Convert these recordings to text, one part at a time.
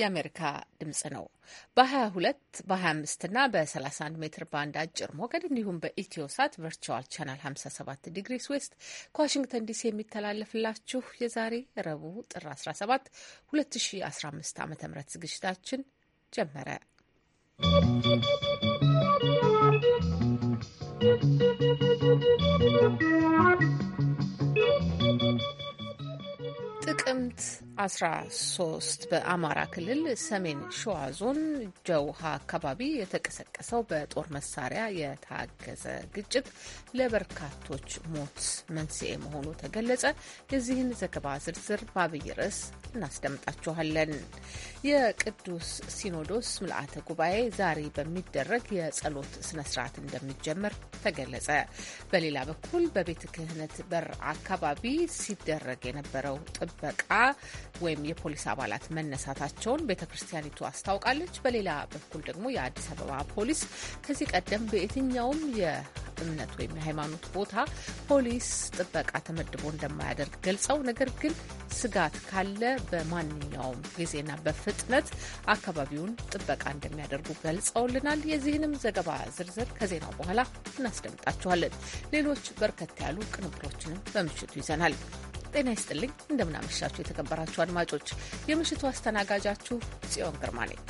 የአሜሪካ ድምጽ ነው። በ22 በ25 እና በ31 ሜትር ባንድ አጭር ሞገድ እንዲሁም በኢትዮ ሳት ቨርቹዋል ቻናል 57 ዲግሪ ስዌስት ከዋሽንግተን ዲሲ የሚተላለፍላችሁ የዛሬ ረቡዕ ጥር 17 2015 ዓ ም ዝግጅታችን ጀመረ። ¶¶ ጥቅምት 13 በአማራ ክልል ሰሜን ሸዋ ዞን ጀውሃ አካባቢ የተቀሰቀሰው በጦር መሳሪያ የታገዘ ግጭት ለበርካቶች ሞት መንስኤ መሆኑ ተገለጸ። የዚህን ዘገባ ዝርዝር በአብይ ርዕስ እናስደምጣችኋለን። የቅዱስ ሲኖዶስ ምልአተ ጉባኤ ዛሬ በሚደረግ የጸሎት ስነ ስርዓት እንደሚጀመር ተገለጸ። በሌላ በኩል በቤተ ክህነት በር አካባቢ ሲደረግ የነበረው ጥበቃ ወይም የፖሊስ አባላት መነሳታቸውን ቤተ ክርስቲያኒቱ አስታውቃለች። በሌላ በኩል ደግሞ የአዲስ አበባ ፖሊስ ከዚህ ቀደም በየትኛውም የእምነት ወይም የሃይማኖት ቦታ ፖሊስ ጥበቃ ተመድቦ እንደማያደርግ ገልጸው ነገር ግን ስጋት ካለ በማንኛውም ጊዜና በፍ ፍጥነት አካባቢውን ጥበቃ እንደሚያደርጉ ገልጸውልናል። የዚህንም ዘገባ ዝርዝር ከዜናው በኋላ እናስደምጣችኋለን። ሌሎች በርከት ያሉ ቅንብሮችንም በምሽቱ ይዘናል። ጤና ይስጥልኝ እንደምናመሻችሁ የተከበራችሁ አድማጮች፣ የምሽቱ አስተናጋጃችሁ ጽዮን ግርማ ነኝ።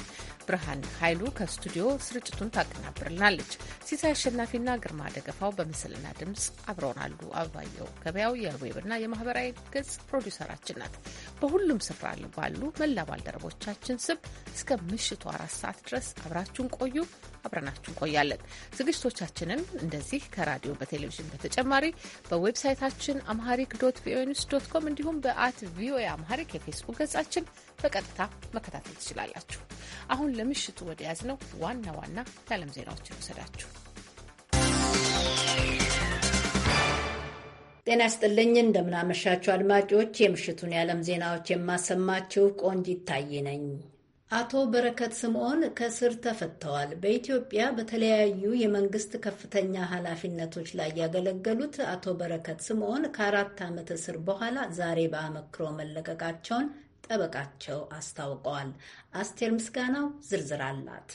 ብርሃን ኃይሉ ከስቱዲዮ ስርጭቱን ታቀናብርልናለች። ሲሳይ አሸናፊና ግርማ ደገፋው በምስልና ድምፅ አብረውናሉ። አበባየው ገበያው የዌብና የማህበራዊ ገጽ ፕሮዲውሰራችን ናት። በሁሉም ስፍራ ባሉ መላ ባልደረቦቻችን ስም እስከ ምሽቱ አራት ሰዓት ድረስ አብራችሁን ቆዩ። አብረናችሁን ቆያለን። ዝግጅቶቻችንን እንደዚህ ከራዲዮ በቴሌቪዥን በተጨማሪ በዌብሳይታችን አምሃሪክ ዶት ቪኦኤ ኒውስ ዶት ኮም እንዲሁም በአት ቪኦኤ አምሃሪክ የፌስቡክ ገጻችን በቀጥታ መከታተል ትችላላችሁ። አሁን ለምሽቱ ወደ ያዝ ነው ዋና ዋና የዓለም ዜናዎች ይወሰዳችሁ። ጤና ያስጥልኝ። እንደምናመሻችሁ አድማጮች፣ የምሽቱን የዓለም ዜናዎች የማሰማችሁ ቆንጅ ይታይ ነኝ። አቶ በረከት ስምዖን ከእስር ተፈተዋል። በኢትዮጵያ በተለያዩ የመንግስት ከፍተኛ ኃላፊነቶች ላይ ያገለገሉት አቶ በረከት ስምዖን ከአራት ዓመት እስር በኋላ ዛሬ በአመክሮ መለቀቃቸውን ጠበቃቸው አስታውቀዋል። አስቴር ምስጋናው ዝርዝር አላት።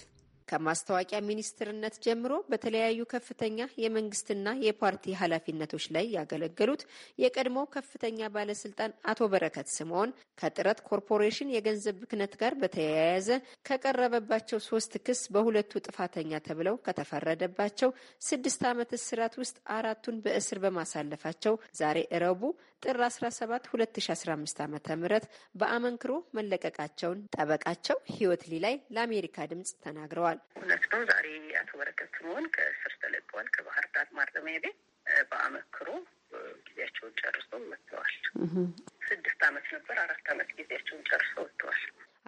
ከማስታወቂያ ሚኒስትርነት ጀምሮ በተለያዩ ከፍተኛ የመንግስትና የፓርቲ ኃላፊነቶች ላይ ያገለገሉት የቀድሞው ከፍተኛ ባለስልጣን አቶ በረከት ስምዖን ከጥረት ኮርፖሬሽን የገንዘብ ብክነት ጋር በተያያዘ ከቀረበባቸው ሶስት ክስ በሁለቱ ጥፋተኛ ተብለው ከተፈረደባቸው ስድስት ዓመት እስራት ውስጥ አራቱን በእስር በማሳለፋቸው ዛሬ እረቡ ጥር 17 2015 ዓ ም በአመንክሮ መለቀቃቸውን ጠበቃቸው ህይወት ሊላይ ለአሜሪካ ድምጽ ተናግረዋል። እውነት ነው። ዛሬ አቶ በረከት ስምኦን ከእስር ተለቀዋል። ከባህር ዳር ማረሚያ ቤት በአመንክሮ ጊዜያቸውን ጨርሶ መጥተዋል። ስድስት አመት ነበር። አራት አመት ጊዜያቸውን ጨርሶ ወጥተዋል።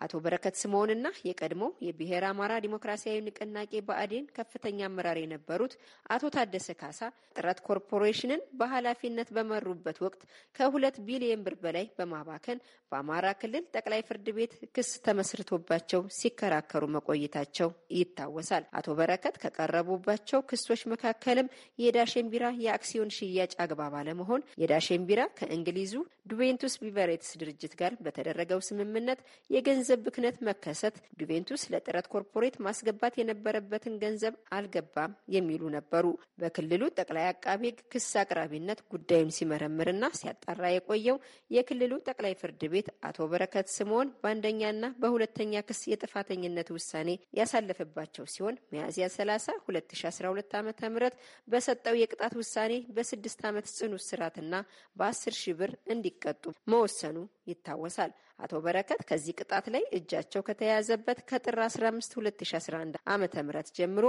አቶ በረከት ስምዖንና የቀድሞ የብሔር አማራ ዲሞክራሲያዊ ንቅናቄ ብአዴን ከፍተኛ አመራር የነበሩት አቶ ታደሰ ካሳ ጥረት ኮርፖሬሽንን በኃላፊነት በመሩበት ወቅት ከሁለት ቢሊየን ብር በላይ በማባከን በአማራ ክልል ጠቅላይ ፍርድ ቤት ክስ ተመስርቶባቸው ሲከራከሩ መቆየታቸው ይታወሳል። አቶ በረከት ከቀረቡባቸው ክሶች መካከልም የዳሽን ቢራ የአክሲዮን ሽያጭ አግባብ አለመሆን፣ የዳሽን ቢራ ከእንግሊዙ ዱቬንቱስ ቢቨሬትስ ድርጅት ጋር በተደረገው ስምምነት የገንዘ በገንዘብ ብክነት መከሰት ጁቬንቱስ ለጥረት ኮርፖሬት ማስገባት የነበረበትን ገንዘብ አልገባም የሚሉ ነበሩ። በክልሉ ጠቅላይ አቃቤ ሕግ ክስ አቅራቢነት ጉዳዩን ሲመረምርና ሲያጣራ የቆየው የክልሉ ጠቅላይ ፍርድ ቤት አቶ በረከት ስምዖን በአንደኛና በሁለተኛ ክስ የጥፋተኝነት ውሳኔ ያሳለፈባቸው ሲሆን ሚያዝያ 30 2012 ዓ ም በሰጠው የቅጣት ውሳኔ በስድስት ዓመት ጽኑ እስራትና በ10 ሺህ ብር እንዲቀጡ መወሰኑ ይታወሳል። አቶ በረከት ከዚህ ቅጣት ላይ እጃቸው ከተያያዘበት ከጥር 15 2011 ዓ ም ጀምሮ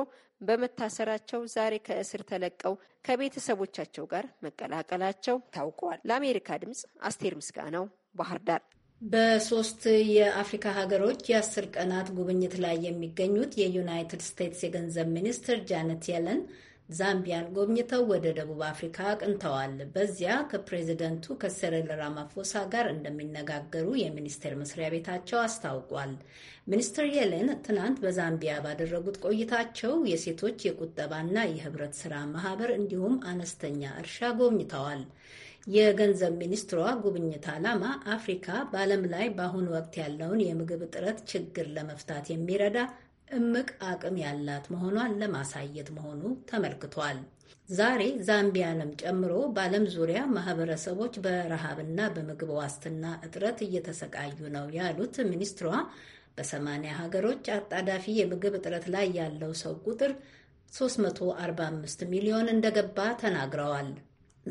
በመታሰራቸው ዛሬ ከእስር ተለቀው ከቤተሰቦቻቸው ጋር መቀላቀላቸው ታውቋል። ለአሜሪካ ድምፅ አስቴር ምስጋናው ባህር ዳር። በሶስት የአፍሪካ ሀገሮች የአስር ቀናት ጉብኝት ላይ የሚገኙት የዩናይትድ ስቴትስ የገንዘብ ሚኒስትር ጃነት የለን ዛምቢያን ጎብኝተው ወደ ደቡብ አፍሪካ አቅንተዋል። በዚያ ከፕሬዚደንቱ ከሰረል ራማፎሳ ጋር እንደሚነጋገሩ የሚኒስቴር መስሪያ ቤታቸው አስታውቋል። ሚኒስትር የሌን ትናንት በዛምቢያ ባደረጉት ቆይታቸው የሴቶች የቁጠባና የህብረት ስራ ማህበር እንዲሁም አነስተኛ እርሻ ጎብኝተዋል። የገንዘብ ሚኒስትሯ ጉብኝት ዓላማ አፍሪካ በዓለም ላይ በአሁኑ ወቅት ያለውን የምግብ እጥረት ችግር ለመፍታት የሚረዳ እምቅ አቅም ያላት መሆኗን ለማሳየት መሆኑ ተመልክቷል። ዛሬ ዛምቢያንም ጨምሮ በዓለም ዙሪያ ማህበረሰቦች በረሃብና በምግብ ዋስትና እጥረት እየተሰቃዩ ነው ያሉት ሚኒስትሯ በሰማንያ ሀገሮች አጣዳፊ የምግብ እጥረት ላይ ያለው ሰው ቁጥር 345 ሚሊዮን እንደገባ ተናግረዋል።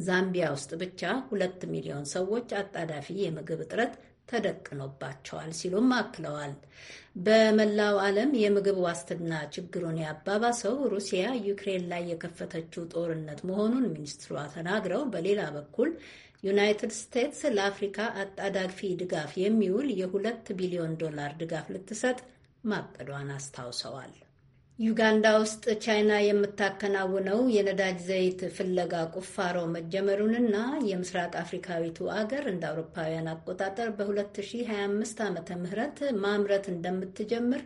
ዛምቢያ ውስጥ ብቻ ሁለት ሚሊዮን ሰዎች አጣዳፊ የምግብ እጥረት ተደቅኖባቸዋል ሲሉም አክለዋል። በመላው ዓለም የምግብ ዋስትና ችግሩን ያባባሰው ሩሲያ ዩክሬን ላይ የከፈተችው ጦርነት መሆኑን ሚኒስትሯ ተናግረው፣ በሌላ በኩል ዩናይትድ ስቴትስ ለአፍሪካ አጣዳፊ ድጋፍ የሚውል የሁለት ቢሊዮን ዶላር ድጋፍ ልትሰጥ ማቀዷን አስታውሰዋል። ዩጋንዳ ውስጥ ቻይና የምታከናውነው የነዳጅ ዘይት ፍለጋ ቁፋሮ መጀመሩንና የምስራቅ አፍሪካዊቱ አገር እንደ አውሮፓውያን አቆጣጠር በ2025 ዓመተ ምህረት ማምረት እንደምትጀምር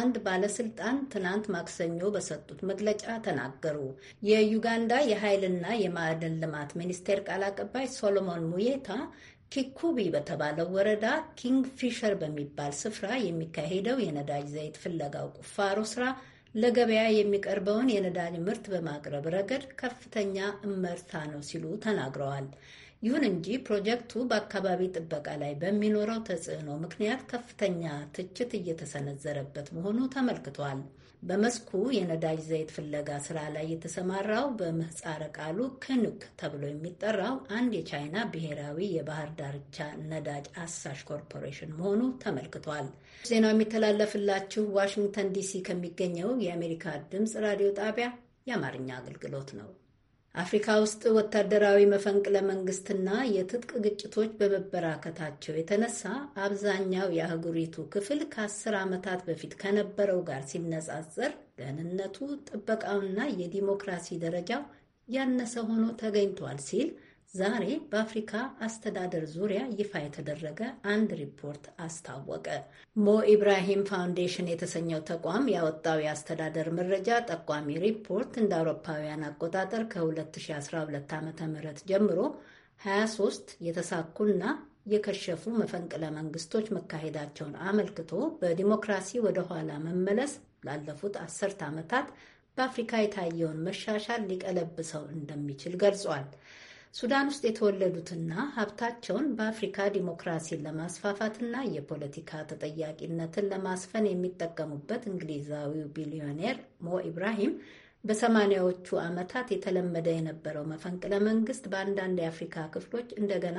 አንድ ባለስልጣን ትናንት ማክሰኞ በሰጡት መግለጫ ተናገሩ። የዩጋንዳ የኃይልና የማዕድን ልማት ሚኒስቴር ቃል አቀባይ ሶሎሞን ሙዬታ ኪኩቢ በተባለው ወረዳ ኪንግ ፊሸር በሚባል ስፍራ የሚካሄደው የነዳጅ ዘይት ፍለጋው ቁፋሮ ስራ ለገበያ የሚቀርበውን የነዳጅ ምርት በማቅረብ ረገድ ከፍተኛ እመርታ ነው ሲሉ ተናግረዋል። ይሁን እንጂ ፕሮጀክቱ በአካባቢ ጥበቃ ላይ በሚኖረው ተጽዕኖ ምክንያት ከፍተኛ ትችት እየተሰነዘረበት መሆኑ ተመልክቷል። በመስኩ የነዳጅ ዘይት ፍለጋ ስራ ላይ የተሰማራው በምህፃረ ቃሉ ክኑክ ተብሎ የሚጠራው አንድ የቻይና ብሔራዊ የባህር ዳርቻ ነዳጅ አሳሽ ኮርፖሬሽን መሆኑ ተመልክቷል። ዜናው የሚተላለፍላችሁ ዋሽንግተን ዲሲ ከሚገኘው የአሜሪካ ድምፅ ራዲዮ ጣቢያ የአማርኛ አገልግሎት ነው። አፍሪካ ውስጥ ወታደራዊ መፈንቅለ መንግስትና የትጥቅ ግጭቶች በመበራከታቸው የተነሳ አብዛኛው የአህጉሪቱ ክፍል ከአስር ዓመታት በፊት ከነበረው ጋር ሲነጻጸር ደህንነቱ፣ ጥበቃውና የዲሞክራሲ ደረጃው ያነሰ ሆኖ ተገኝቷል ሲል ዛሬ በአፍሪካ አስተዳደር ዙሪያ ይፋ የተደረገ አንድ ሪፖርት አስታወቀ። ሞ ኢብራሂም ፋውንዴሽን የተሰኘው ተቋም ያወጣው የአስተዳደር መረጃ ጠቋሚ ሪፖርት እንደ አውሮፓውያን አቆጣጠር ከ2012 ዓ ም ጀምሮ 23 የተሳኩና የከሸፉ መፈንቅለ መንግስቶች መካሄዳቸውን አመልክቶ በዲሞክራሲ ወደኋላ መመለስ ላለፉት አስርት ዓመታት በአፍሪካ የታየውን መሻሻል ሊቀለብሰው እንደሚችል ገልጿል። ሱዳን ውስጥ የተወለዱትና ሀብታቸውን በአፍሪካ ዲሞክራሲን ለማስፋፋትና የፖለቲካ ተጠያቂነትን ለማስፈን የሚጠቀሙበት እንግሊዛዊው ቢሊዮኔር ሞ ኢብራሂም በሰማኒያዎቹ ዓመታት የተለመደ የነበረው መፈንቅለ መንግስት በአንዳንድ የአፍሪካ ክፍሎች እንደገና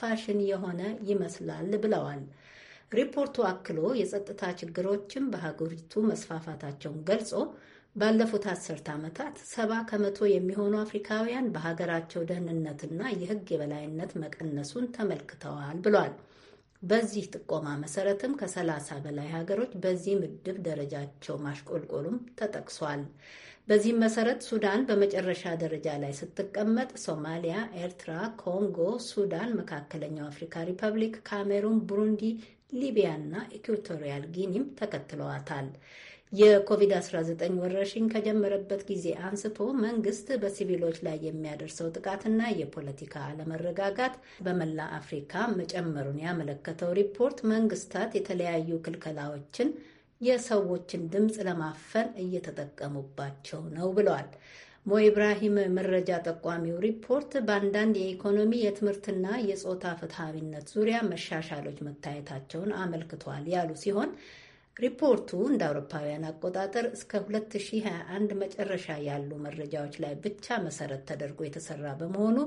ፋሽን የሆነ ይመስላል ብለዋል። ሪፖርቱ አክሎ የጸጥታ ችግሮችም በሀገሪቱ መስፋፋታቸውን ገልጾ ባለፉት አስርት ዓመታት ሰባ ከመቶ የሚሆኑ አፍሪካውያን በሀገራቸው ደህንነትና የሕግ የበላይነት መቀነሱን ተመልክተዋል ብሏል። በዚህ ጥቆማ መሰረትም ከ30 በላይ ሀገሮች በዚህ ምድብ ደረጃቸው ማሽቆልቆሉም ተጠቅሷል። በዚህም መሰረት ሱዳን በመጨረሻ ደረጃ ላይ ስትቀመጥ፣ ሶማሊያ፣ ኤርትራ፣ ኮንጎ፣ ሱዳን፣ መካከለኛው አፍሪካ ሪፐብሊክ፣ ካሜሩን፣ ቡሩንዲ፣ ሊቢያ እና ኢኩቶሪያል ጊኒም ተከትለዋታል። የኮቪድ-19 ወረርሽኝ ከጀመረበት ጊዜ አንስቶ መንግስት በሲቪሎች ላይ የሚያደርሰው ጥቃትና የፖለቲካ አለመረጋጋት በመላ አፍሪካ መጨመሩን ያመለከተው ሪፖርት መንግስታት የተለያዩ ክልከላዎችን የሰዎችን ድምፅ ለማፈን እየተጠቀሙባቸው ነው ብለዋል። ሞ ኢብራሂም መረጃ ጠቋሚው ሪፖርት በአንዳንድ የኢኮኖሚ የትምህርትና የጾታ ፍትሐዊነት ዙሪያ መሻሻሎች መታየታቸውን አመልክቷል ያሉ ሲሆን ሪፖርቱ እንደ አውሮፓውያን አቆጣጠር እስከ 2021 መጨረሻ ያሉ መረጃዎች ላይ ብቻ መሰረት ተደርጎ የተሰራ በመሆኑ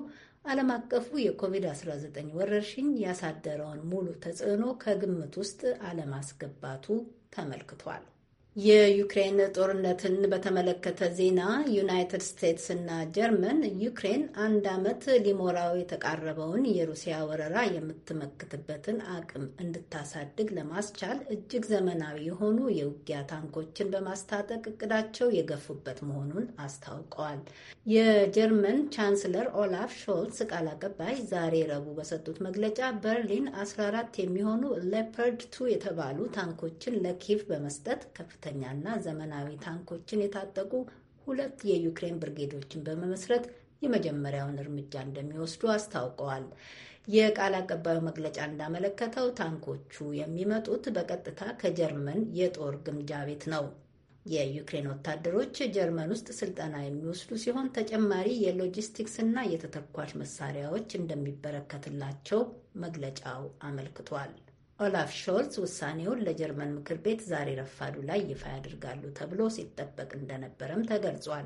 ዓለም አቀፉ የኮቪድ-19 ወረርሽኝ ያሳደረውን ሙሉ ተጽዕኖ ከግምት ውስጥ አለማስገባቱ ተመልክቷል። የዩክሬን ጦርነትን በተመለከተ ዜና ዩናይትድ ስቴትስ እና ጀርመን ዩክሬን አንድ ዓመት ሊሞራው የተቃረበውን የሩሲያ ወረራ የምትመክትበትን አቅም እንድታሳድግ ለማስቻል እጅግ ዘመናዊ የሆኑ የውጊያ ታንኮችን በማስታጠቅ እቅዳቸው የገፉበት መሆኑን አስታውቀዋል። የጀርመን ቻንስለር ኦላፍ ሾልስ ቃል አቀባይ ዛሬ ረቡዕ በሰጡት መግለጫ በርሊን 14 የሚሆኑ ሌፐርድ ቱ የተባሉ ታንኮችን ለኪቭ በመስጠት ከፍ ከፍተኛና ዘመናዊ ታንኮችን የታጠቁ ሁለት የዩክሬን ብርጌዶችን በመመስረት የመጀመሪያውን እርምጃ እንደሚወስዱ አስታውቀዋል። የቃል አቀባዩ መግለጫ እንዳመለከተው ታንኮቹ የሚመጡት በቀጥታ ከጀርመን የጦር ግምጃ ቤት ነው። የዩክሬን ወታደሮች ጀርመን ውስጥ ስልጠና የሚወስዱ ሲሆን ተጨማሪ የሎጂስቲክስ እና የተተኳሽ መሳሪያዎች እንደሚበረከትላቸው መግለጫው አመልክቷል። ኦላፍ ሾልስ ውሳኔውን ለጀርመን ምክር ቤት ዛሬ ረፋዱ ላይ ይፋ ያደርጋሉ ተብሎ ሲጠበቅ እንደነበረም ተገልጿል።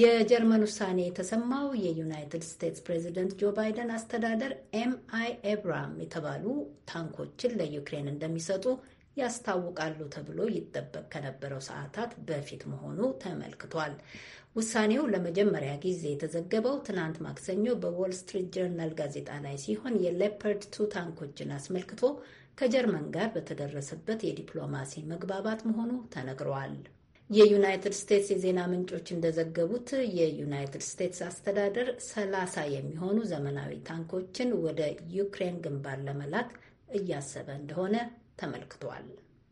የጀርመን ውሳኔ የተሰማው የዩናይትድ ስቴትስ ፕሬዚደንት ጆ ባይደን አስተዳደር ኤምአይ ኤብራም የተባሉ ታንኮችን ለዩክሬን እንደሚሰጡ ያስታውቃሉ ተብሎ ይጠበቅ ከነበረው ሰዓታት በፊት መሆኑ ተመልክቷል። ውሳኔው ለመጀመሪያ ጊዜ የተዘገበው ትናንት ማክሰኞ በዎል ስትሪት ጋዜጣ ላይ ሲሆን የሌፐርድ ቱ ታንኮችን አስመልክቶ ከጀርመን ጋር በተደረሰበት የዲፕሎማሲ መግባባት መሆኑ ተነግሯል። የዩናይትድ ስቴትስ የዜና ምንጮች እንደዘገቡት የዩናይትድ ስቴትስ አስተዳደር ሰላሳ የሚሆኑ ዘመናዊ ታንኮችን ወደ ዩክሬን ግንባር ለመላክ እያሰበ እንደሆነ ተመልክቷል።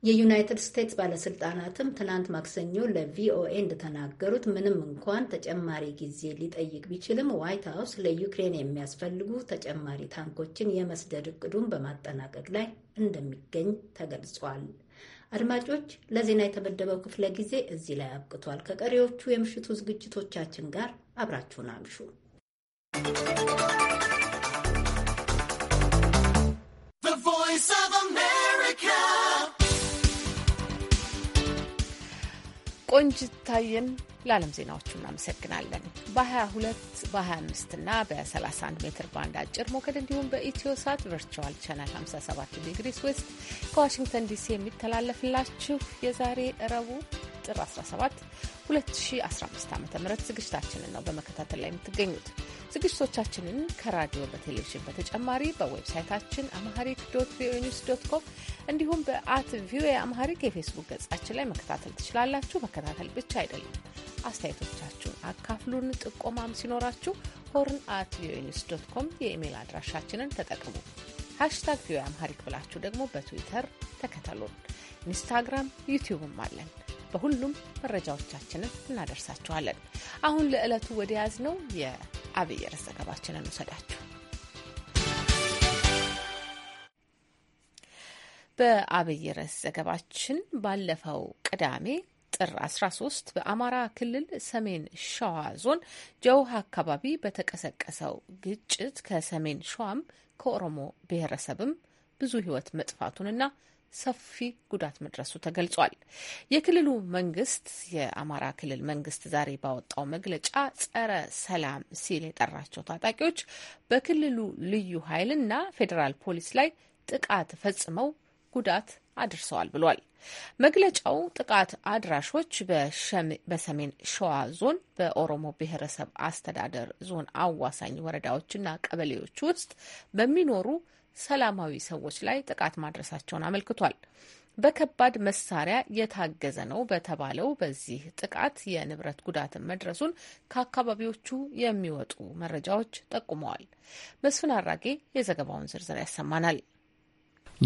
የዩናይትድ ስቴትስ ባለስልጣናትም ትናንት ማክሰኞ ለቪኦኤ እንደተናገሩት ምንም እንኳን ተጨማሪ ጊዜ ሊጠይቅ ቢችልም ዋይት ሀውስ ለዩክሬን የሚያስፈልጉ ተጨማሪ ታንኮችን የመስደድ እቅዱን በማጠናቀቅ ላይ እንደሚገኝ ተገልጿል። አድማጮች፣ ለዜና የተመደበው ክፍለ ጊዜ እዚህ ላይ አብቅቷል። ከቀሪዎቹ የምሽቱ ዝግጅቶቻችን ጋር አብራችሁን አምሹ። ቆንጅታየን ለዓለም ዜናዎቹ እናመሰግናለን። በ22 በ25 እና በ31 ሜትር ባንድ አጭር ሞገድ እንዲሁም በኢትዮ ሳት ቨርቹዋል ቻናል 57 ዲግሪ ስዌስት ከዋሽንግተን ዲሲ የሚተላለፍላችሁ የዛሬ ረቡዕ ጥር 17 2015 ዓ ም ዝግጅታችንን ነው በመከታተል ላይ የምትገኙት። ዝግጅቶቻችንን ከራዲዮ በቴሌቪዥን በተጨማሪ በዌብሳይታችን አምሃሪክ ዶት ቪኦኤ ኒውስ ዶት ኮም እንዲሁም በአት ቪኦኤ አምሃሪክ የፌስቡክ ገጻችን ላይ መከታተል ትችላላችሁ። መከታተል ብቻ አይደለም፣ አስተያየቶቻችሁን አካፍሉን። ጥቆማም ሲኖራችሁ ሆርን አት ቪኦኤ ኒውስ ዶት ኮም የኢሜይል አድራሻችንን ተጠቅሙ። ሃሽታግ ቪኦኤ አምሃሪክ ብላችሁ ደግሞ በትዊተር ተከተሉን። ኢንስታግራም፣ ዩቲዩብም አለን። በሁሉም መረጃዎቻችንን እናደርሳችኋለን። አሁን ለዕለቱ ወደ ያዝ ነው የአብይ ርዕስ ዘገባችንን ውሰዳችሁ። በአብይ ርዕስ ዘገባችን ባለፈው ቅዳሜ ጥር 13 በአማራ ክልል ሰሜን ሸዋ ዞን ጀውሃ አካባቢ በተቀሰቀሰው ግጭት ከሰሜን ሸዋም ከኦሮሞ ብሔረሰብም ብዙ ሕይወት መጥፋቱንና ሰፊ ጉዳት መድረሱ ተገልጿል። የክልሉ መንግስት የአማራ ክልል መንግስት ዛሬ ባወጣው መግለጫ ጸረ ሰላም ሲል የጠራቸው ታጣቂዎች በክልሉ ልዩ ኃይልና ፌዴራል ፖሊስ ላይ ጥቃት ፈጽመው ጉዳት አድርሰዋል ብሏል። መግለጫው ጥቃት አድራሾች በሰሜን ሸዋ ዞን በኦሮሞ ብሔረሰብ አስተዳደር ዞን አዋሳኝ ወረዳዎችና ቀበሌዎች ውስጥ በሚኖሩ ሰላማዊ ሰዎች ላይ ጥቃት ማድረሳቸውን አመልክቷል። በከባድ መሳሪያ የታገዘ ነው በተባለው በዚህ ጥቃት የንብረት ጉዳትን መድረሱን ከአካባቢዎቹ የሚወጡ መረጃዎች ጠቁመዋል። መስፍን አራጌ የዘገባውን ዝርዝር ያሰማናል።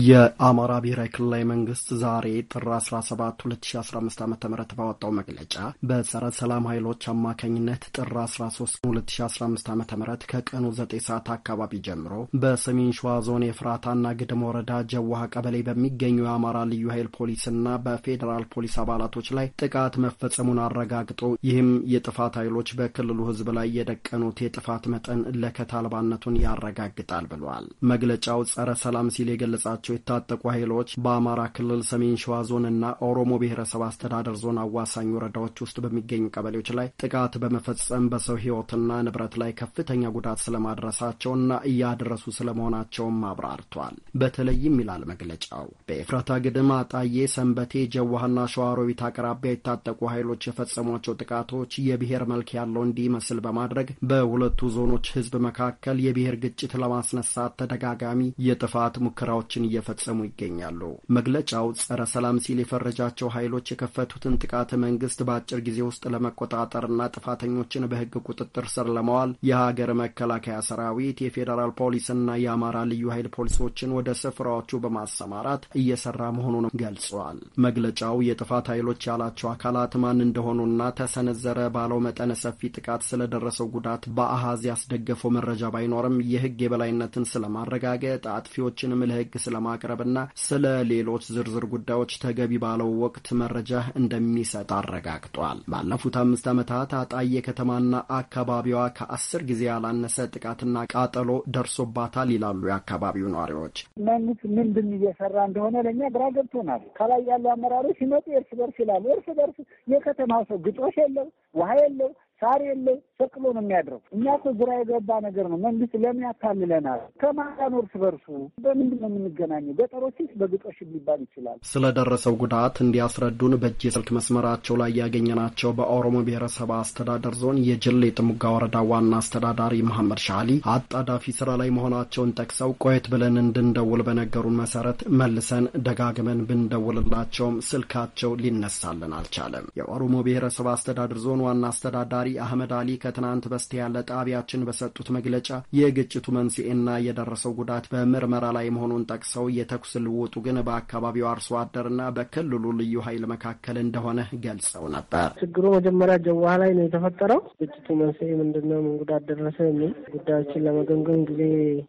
የአማራ ብሔራዊ ክልላዊ መንግስት ዛሬ ጥር 17 2015 ዓ ም ባወጣው መግለጫ በጸረ ሰላም ኃይሎች አማካኝነት ጥር 13 2015 ዓ ም ከቀኑ 9 ሰዓት አካባቢ ጀምሮ በሰሜን ሸዋ ዞን የፍራታና ግድም ወረዳ ጀዋሃ ቀበሌ በሚገኙ የአማራ ልዩ ኃይል ፖሊስና በፌዴራል ፖሊስ አባላቶች ላይ ጥቃት መፈጸሙን አረጋግጦ ይህም የጥፋት ኃይሎች በክልሉ ህዝብ ላይ የደቀኑት የጥፋት መጠን ለከት አልባነቱን ያረጋግጣል ብሏል። መግለጫው ጸረ ሰላም ሲል የገለጻቸው ያላቸው የታጠቁ ኃይሎች በአማራ ክልል ሰሜን ሸዋ ዞን እና ኦሮሞ ብሔረሰብ አስተዳደር ዞን አዋሳኝ ወረዳዎች ውስጥ በሚገኙ ቀበሌዎች ላይ ጥቃት በመፈጸም በሰው ሕይወትና ንብረት ላይ ከፍተኛ ጉዳት ስለማድረሳቸውና እያደረሱ ስለመሆናቸውም አብራርቷል። በተለይም ይላል መግለጫው በኤፍራታ ግድም፣ አጣዬ፣ ሰንበቴ፣ ጀዋህና ሸዋሮቢት አቅራቢያ የታጠቁ ኃይሎች የፈጸሟቸው ጥቃቶች የብሔር መልክ ያለው እንዲመስል በማድረግ በሁለቱ ዞኖች ህዝብ መካከል የብሔር ግጭት ለማስነሳት ተደጋጋሚ የጥፋት ሙከራዎችን እየፈጸሙ ይገኛሉ። መግለጫው ጸረ ሰላም ሲል የፈረጃቸው ኃይሎች የከፈቱትን ጥቃት መንግስት በአጭር ጊዜ ውስጥ ለመቆጣጠርና ጥፋተኞችን በህግ ቁጥጥር ስር ለማዋል የሀገር መከላከያ ሰራዊት፣ የፌዴራል ፖሊስና የአማራ ልዩ ኃይል ፖሊሶችን ወደ ስፍራዎቹ በማሰማራት እየሰራ መሆኑን ገልጿል። መግለጫው የጥፋት ኃይሎች ያላቸው አካላት ማን እንደሆኑና ተሰነዘረ ባለው መጠነ ሰፊ ጥቃት ስለደረሰው ጉዳት በአሃዝ ያስደገፈው መረጃ ባይኖርም የህግ የበላይነትን ስለማረጋገጥ አጥፊዎችንም ለህግ ስለ ለማቅረብና ስለ ሌሎች ዝርዝር ጉዳዮች ተገቢ ባለው ወቅት መረጃ እንደሚሰጥ አረጋግጧል። ባለፉት አምስት ዓመታት አጣዬ ከተማና አካባቢዋ ከአስር ጊዜ ያላነሰ ጥቃትና ቃጠሎ ደርሶባታል ይላሉ የአካባቢው ነዋሪዎች። መንግስት ምንድን እየሰራ እንደሆነ ለእኛ ግራ ገብቶናል። ከላይ ያሉ አመራሮች ሲመጡ እርስ በርስ ይላሉ። እርስ በርስ የከተማው ሰው ግጦሽ የለው፣ ውሃ የለው፣ ሳር የለ ሰቅሎ ነው የሚያድረው። እኛ እኮ ግራ የገባ ነገር ነው። መንግስት ለምን ያታልለናል? ከማዳን እርስ በርሱ በምንድን ነው የምንገናኘው? ገጠሮች በግጦሽ ሊባል ይችላል። ስለደረሰው ጉዳት እንዲያስረዱን በእጅ የስልክ መስመራቸው ላይ ያገኘናቸው በኦሮሞ ብሔረሰብ አስተዳደር ዞን የጅሌ ጥሙጋ ወረዳ ዋና አስተዳዳሪ መሐመድ ሻሊ አጣዳፊ ስራ ላይ መሆናቸውን ጠቅሰው ቆየት ብለን እንድንደውል በነገሩን መሰረት መልሰን ደጋግመን ብንደውልላቸውም ስልካቸው ሊነሳልን አልቻለም። የኦሮሞ ብሔረሰብ አስተዳደር ዞን ዋና አስተዳዳሪ አህመድ አሊ ከትናንት በስቲያ ለጣቢያችን በሰጡት መግለጫ የግጭቱ መንስኤና የደረሰው ጉዳት በምርመራ ላይ መሆኑን ጠቅሰው የተኩስ ልውጡ ግን በአካባቢው አርሶ አደርና በክልሉ ልዩ ኃይል መካከል እንደሆነ ገልጸው ነበር። ችግሩ መጀመሪያ ጀዋ ላይ ነው የተፈጠረው። ግጭቱ መንስኤ ምንድነው? ምን ጉዳት ደረሰ? የሚል ጉዳዮችን ለመገምገም ጊዜ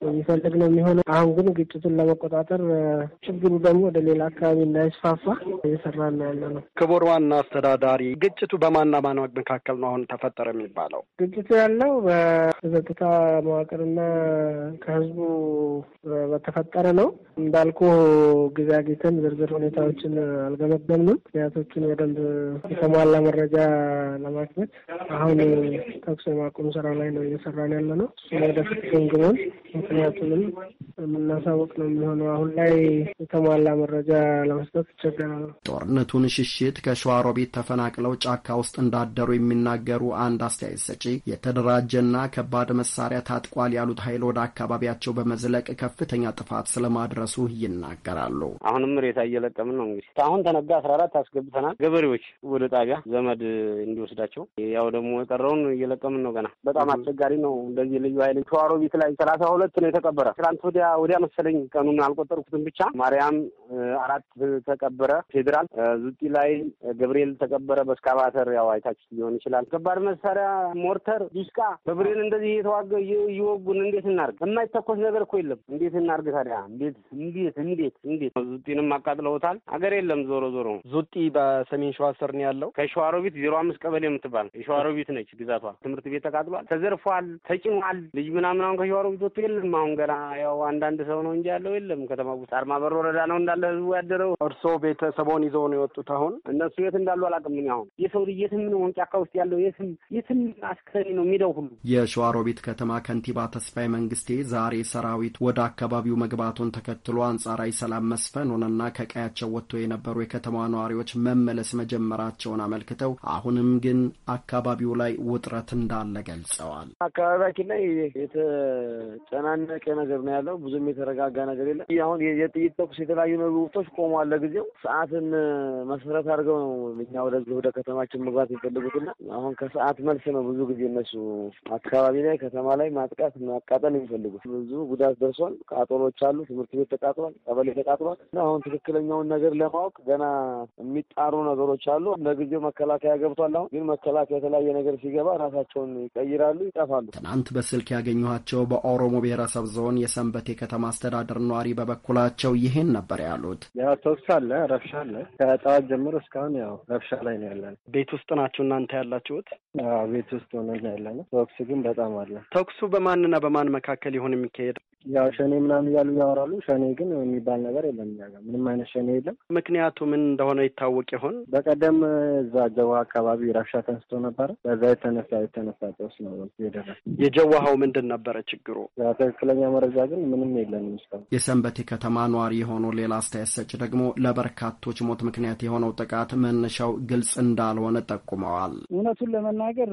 የሚፈልግ ነው የሚሆነው። አሁን ግን ግጭቱን ለመቆጣጠር ችግሩ ደግሞ ወደ ሌላ አካባቢ እንዳይስፋፋ ነው ያለ ነው። ክቡር ዋና አስተዳዳሪ፣ ግጭቱ በማና ማን መካከል ነው አሁን ተፈ ተፈጠረ የሚባለው? ግጭቱ ያለው በጸጥታ መዋቅርና ከህዝቡ በተፈጠረ ነው። እንዳልኩ ጊዜ አግኝተን ዝርዝር ሁኔታዎችን አልገመገምንም። ምክንያቶችን በደንብ የተሟላ መረጃ ለማግኘት አሁን ተኩስ የማቆም ስራ ላይ ነው እየሰራን ያለ ነው። እሱም ወደፊት ገምግመን ምክንያቱንም የምናሳውቅ ነው የሚሆነው። አሁን ላይ የተሟላ መረጃ ለመስጠት ይቸገራል። ጦርነቱን ሽሽት ከሸዋሮቢት ተፈናቅለው ጫካ ውስጥ እንዳደሩ የሚናገሩ አንድ አስተያየት ሰጪ የተደራጀና ከባድ መሳሪያ ታጥቋል ያሉት ኃይል ወደ አካባቢያቸው በመዝለቅ ከፍተኛ ጥፋት ስለማድረሱ ይናገራሉ። አሁንም ሬሳ እየለቀምን ነው። እንግዲህ አሁን ተነጋ አስራ አራት አስገብተናል ገበሬዎች ወደ ጣቢያ ዘመድ እንዲወስዳቸው ያው ደግሞ የቀረውን እየለቀምን ነው። ገና በጣም አስቸጋሪ ነው። እንደዚህ ልዩ ኃይል ሸዋሮቢት ላይ ሰላሳ ሁለት ነው የተቀበረ ትናንት ወዲያ ወዲያ መሰለኝ ቀኑን አልቆጠርኩትም። ብቻ ማርያም አራት ተቀበረ ፌዴራል ዙጢ ላይ ገብርኤል ተቀበረ። በስካቫተር ያው አይታችሁ ሊሆን ይችላል። ከባድ መሳሪያ ሞርተር፣ ዲሽቃ በብሬን እንደዚህ እየተዋገ እየወጉን እንዴት እናርግ? የማይተኮስ ነገር እኮ የለም። እንዴት እናርግ ታዲያ? እንዴት እንዴት እንዴት እንዴት ዙጢንም አቃጥለውታል። አገር የለም። ዞሮ ዞሮ ዙጢ በሰሜን ሸዋ ስር ነው ያለው። ከሸዋሮቢት ዜሮ አምስት ቀበሌ የምትባል የሸዋሮቢት ነች ግዛቷ። ትምህርት ቤት ተቃጥሏል፣ ተዘርፏል፣ ተጭኗል። ልጅ ምናምን አሁን ከሸዋሮቢት ወጥቶ የለም። አሁን ገና ያው አንዳንድ ሰው ነው እንጂ ያለው የለም። ከተማ ውስጥ አርማ በር ወረዳ ነው እንዳለ እንዳለ ህዝቡ ያደረው እርስዎ ቤተሰቦን ይዘው ነው የወጡት። አሁን እነሱ የት እንዳሉ አላውቅም። አሁን የሰው ልጅ የትም ነው ወንጫካ ውስጥ ያለው የትም የትም አስከሬ ነው የሚለው ሁሉ የሸዋሮቢት ከተማ ከንቲባ ተስፋዬ መንግስቴ ዛሬ ሰራዊት ወደ አካባቢው መግባቱን ተከትሎ አንጻራዊ ሰላም መስፈን ሆነና ከቀያቸው ወጥቶ የነበሩ የከተማ ነዋሪዎች መመለስ መጀመራቸውን አመልክተው አሁንም ግን አካባቢው ላይ ውጥረት እንዳለ ገልጸዋል። አካባቢያችን ላይ የተጨናነቀ ነገር ነው ያለው። ብዙም የተረጋጋ ነገር የለም። አሁን የጥይት ተኩስ የተለያዩ ወቅቶች ቆሟል ለጊዜው። ሰዓትን መሰረት አድርገው ነው እኛ ወደዚህ ወደ ከተማችን መግባት የሚፈልጉትና አሁን ከሰዓት መልስ ነው ብዙ ጊዜ እነሱ አካባቢ ላይ ከተማ ላይ ማጥቃት ማቃጠል የሚፈልጉት። ብዙ ጉዳት ደርሷል። ቃጠሎች አሉ። ትምህርት ቤት ተቃጥሏል። ቀበሌ ተቃጥሏል። እና አሁን ትክክለኛውን ነገር ለማወቅ ገና የሚጣሩ ነገሮች አሉ። ለጊዜው መከላከያ ገብቷል። አሁን ግን መከላከያ የተለያየ ነገር ሲገባ ራሳቸውን ይቀይራሉ፣ ይጠፋሉ። ትናንት በስልክ ያገኘኋቸው በኦሮሞ ብሔረሰብ ዞን የሰንበቴ ከተማ አስተዳደር ነዋሪ በበኩላቸው ይህን ነበር ያሉ አሉት። ያው ተኩስ አለ፣ ረብሻ አለ። ከጠዋት ጀምሮ እስካሁን ያው ረብሻ ላይ ነው ያለን። ቤት ውስጥ ናችሁ እናንተ ያላችሁት? ቤት ውስጥ ሆነ ያለ ነው። ተኩሱ ግን በጣም አለ። ተኩሱ በማንና በማን መካከል ይሆን የሚካሄድ? ያው ሸኔ ምናምን እያሉ ያወራሉ። ሸኔ ግን የሚባል ነገር የለም እኛ ጋር ምንም አይነት ሸኔ የለም። ምክንያቱ ምን እንደሆነ ይታወቅ ይሆን? በቀደም እዛ ጀዋ አካባቢ ረብሻ ተነስቶ ነበረ። በዛ የተነሳ የተነሳ ጦስ ነው የደረሰ። የጀዋሃው ምንድን ነበረ ችግሩ? ትክክለኛ መረጃ ግን ምንም የለንም እስካሁን። የሰንበቴ ከተማ ነዋሪ የሆነው ሌላ አስተያየት ሰጭ ደግሞ ለበርካቶች ሞት ምክንያት የሆነው ጥቃት መነሻው ግልጽ እንዳልሆነ ጠቁመዋል። እውነቱን ለመናገር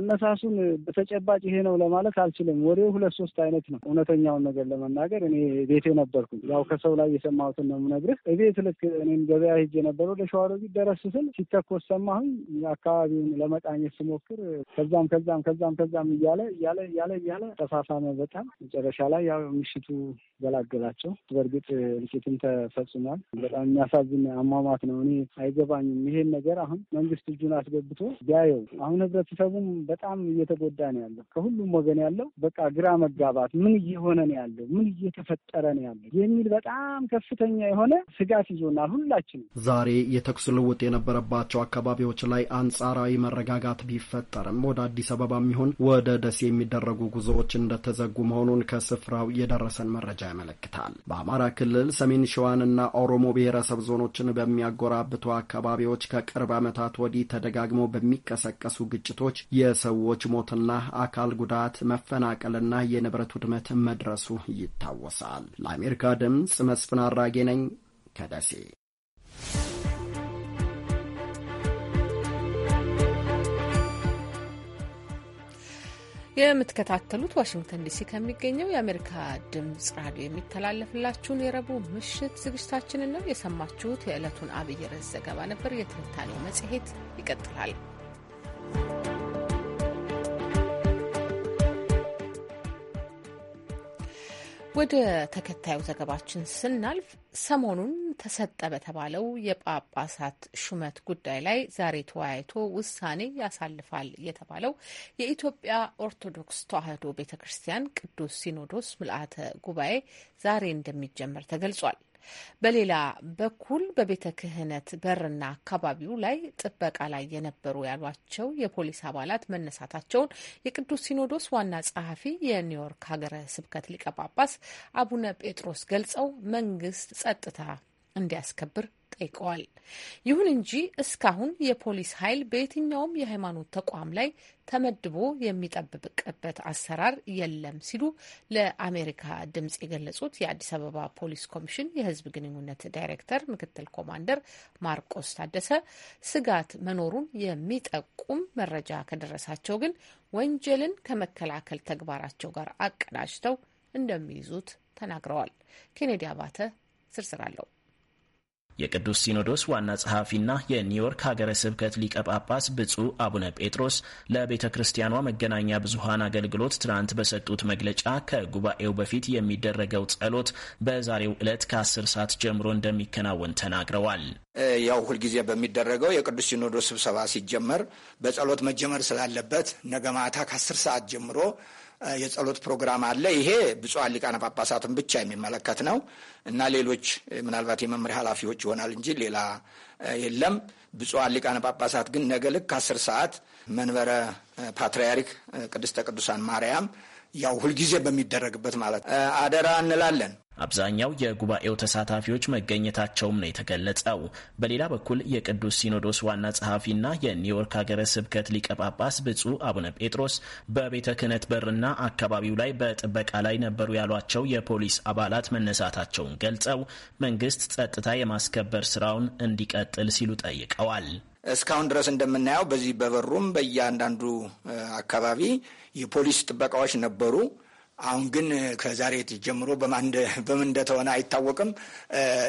አነሳሱን በተጨባጭ ይሄ ነው ለማለት አልችልም። ወዲሁ ሁለት ሶስት አይነት ነው እውነተኛውን ነገር ለመናገር እኔ ቤቴ ነበርኩኝ። ያው ከሰው ላይ የሰማሁትን ነው የምነግርህ። እቤት ልክ እኔም ገበያ ሂጅ የነበረ ወደ ሸዋሮቢት ደረስ ስል ሲተኮስ ሰማሁኝ። አካባቢውን ለመቃኘት ስሞክር ከዛም ከዛም ከዛም ከዛም እያለ እያለ እያለ እያለ ተፋፋመ በጣም መጨረሻ ላይ ያው ምሽቱ ገላገላቸው። በእርግጥ ልኬትም ተፈጽሟል። በጣም የሚያሳዝን አሟሟት ነው። እኔ አይገባኝም። ይሄን ነገር አሁን መንግስት እጁን አስገብቶ ቢያየው። አሁን ህብረተሰቡም በጣም እየተጎዳ ነው ያለው፣ ከሁሉም ወገን ያለው በቃ ግራ መጋባት ምን እየሆነ ነው ያለው? ምን እየተፈጠረ ነው ያለው? የሚል በጣም ከፍተኛ የሆነ ስጋት ይዞናል ሁላችን። ዛሬ የተኩስ ልውጥ የነበረባቸው አካባቢዎች ላይ አንጻራዊ መረጋጋት ቢፈጠርም ወደ አዲስ አበባ የሚሆን ወደ ደሴ የሚደረጉ ጉዞዎች እንደተዘጉ መሆኑን ከስፍራው የደረሰን መረጃ ያመለክታል። በአማራ ክልል ሰሜን ሸዋንና ኦሮሞ ብሔረሰብ ዞኖችን በሚያጎራብቱ አካባቢዎች ከቅርብ ዓመታት ወዲህ ተደጋግመው በሚቀሰቀሱ ግጭቶች የሰዎች ሞትና አካል ጉዳት መፈናቀልና የንብረት ውድመት መድረሱ ይታወሳል። ለአሜሪካ ድምፅ መስፍን አራጌ ነኝ ከደሴ። የምትከታተሉት ዋሽንግተን ዲሲ ከሚገኘው የአሜሪካ ድምጽ ራዲዮ የሚተላለፍላችሁን የረቡዕ ምሽት ዝግጅታችንን ነው የሰማችሁት። የዕለቱን አብይ ርዕስ ዘገባ ነበር። የትንታኔው መጽሔት ይቀጥላል። ወደ ተከታዩ ዘገባችን ስናልፍ ሰሞኑን ተሰጠ በተባለው የጳጳሳት ሹመት ጉዳይ ላይ ዛሬ ተወያይቶ ውሳኔ ያሳልፋል የተባለው የኢትዮጵያ ኦርቶዶክስ ተዋሕዶ ቤተ ክርስቲያን ቅዱስ ሲኖዶስ ምልአተ ጉባኤ ዛሬ እንደሚጀመር ተገልጿል። በሌላ በኩል በቤተ ክህነት በርና አካባቢው ላይ ጥበቃ ላይ የነበሩ ያሏቸው የፖሊስ አባላት መነሳታቸውን የቅዱስ ሲኖዶስ ዋና ጸሐፊ የኒውዮርክ ሀገረ ስብከት ሊቀ ጳጳስ አቡነ ጴጥሮስ ገልጸው መንግስት ጸጥታ እንዲያስከብር ጠይቀዋል። ይሁን እንጂ እስካሁን የፖሊስ ኃይል በየትኛውም የሃይማኖት ተቋም ላይ ተመድቦ የሚጠብቅበት አሰራር የለም ሲሉ ለአሜሪካ ድምጽ የገለጹት የአዲስ አበባ ፖሊስ ኮሚሽን የሕዝብ ግንኙነት ዳይሬክተር ምክትል ኮማንደር ማርቆስ ታደሰ ስጋት መኖሩን የሚጠቁም መረጃ ከደረሳቸው ግን ወንጀልን ከመከላከል ተግባራቸው ጋር አቀናጅተው እንደሚይዙት ተናግረዋል። ኬኔዲ አባተ ዝርዝር አለው። የቅዱስ ሲኖዶስ ዋና ጸሐፊና የኒውዮርክ ሀገረ ስብከት ሊቀ ጳጳስ ብፁዕ አቡነ ጴጥሮስ ለቤተ ክርስቲያኗ መገናኛ ብዙሃን አገልግሎት ትናንት በሰጡት መግለጫ ከጉባኤው በፊት የሚደረገው ጸሎት በዛሬው ዕለት ከአስር ሰዓት ጀምሮ እንደሚከናወን ተናግረዋል። ያው ሁልጊዜ በሚደረገው የቅዱስ ሲኖዶስ ስብሰባ ሲጀመር በጸሎት መጀመር ስላለበት ነገ ማታ ከአስር ሰዓት ጀምሮ የጸሎት ፕሮግራም አለ። ይሄ ብፁዓን ሊቃነ ጳጳሳትን ብቻ የሚመለከት ነው እና ሌሎች ምናልባት የመምሪያ ኃላፊዎች ይሆናል እንጂ ሌላ የለም። ብፁዓን ሊቃነ ጳጳሳት ግን ነገ ልክ አስር ሰዓት መንበረ ፓትርያርክ ቅድስተ ቅዱሳን ማርያም ያው ሁልጊዜ በሚደረግበት ማለት አደራ እንላለን። አብዛኛው የጉባኤው ተሳታፊዎች መገኘታቸውም ነው የተገለጸው። በሌላ በኩል የቅዱስ ሲኖዶስ ዋና ጸሐፊና የኒውዮርክ ሀገረ ስብከት ሊቀ ጳጳስ ብፁዕ አቡነ ጴጥሮስ በቤተ ክህነት በርና አካባቢው ላይ በጥበቃ ላይ ነበሩ ያሏቸው የፖሊስ አባላት መነሳታቸውን ገልጸው መንግስት ጸጥታ የማስከበር ስራውን እንዲቀጥል ሲሉ ጠይቀዋል። እስካሁን ድረስ እንደምናየው በዚህ በበሩም በእያንዳንዱ አካባቢ የፖሊስ ጥበቃዎች ነበሩ። አሁን ግን ከዛሬ ጀምሮ በምን እንደተሆነ አይታወቅም።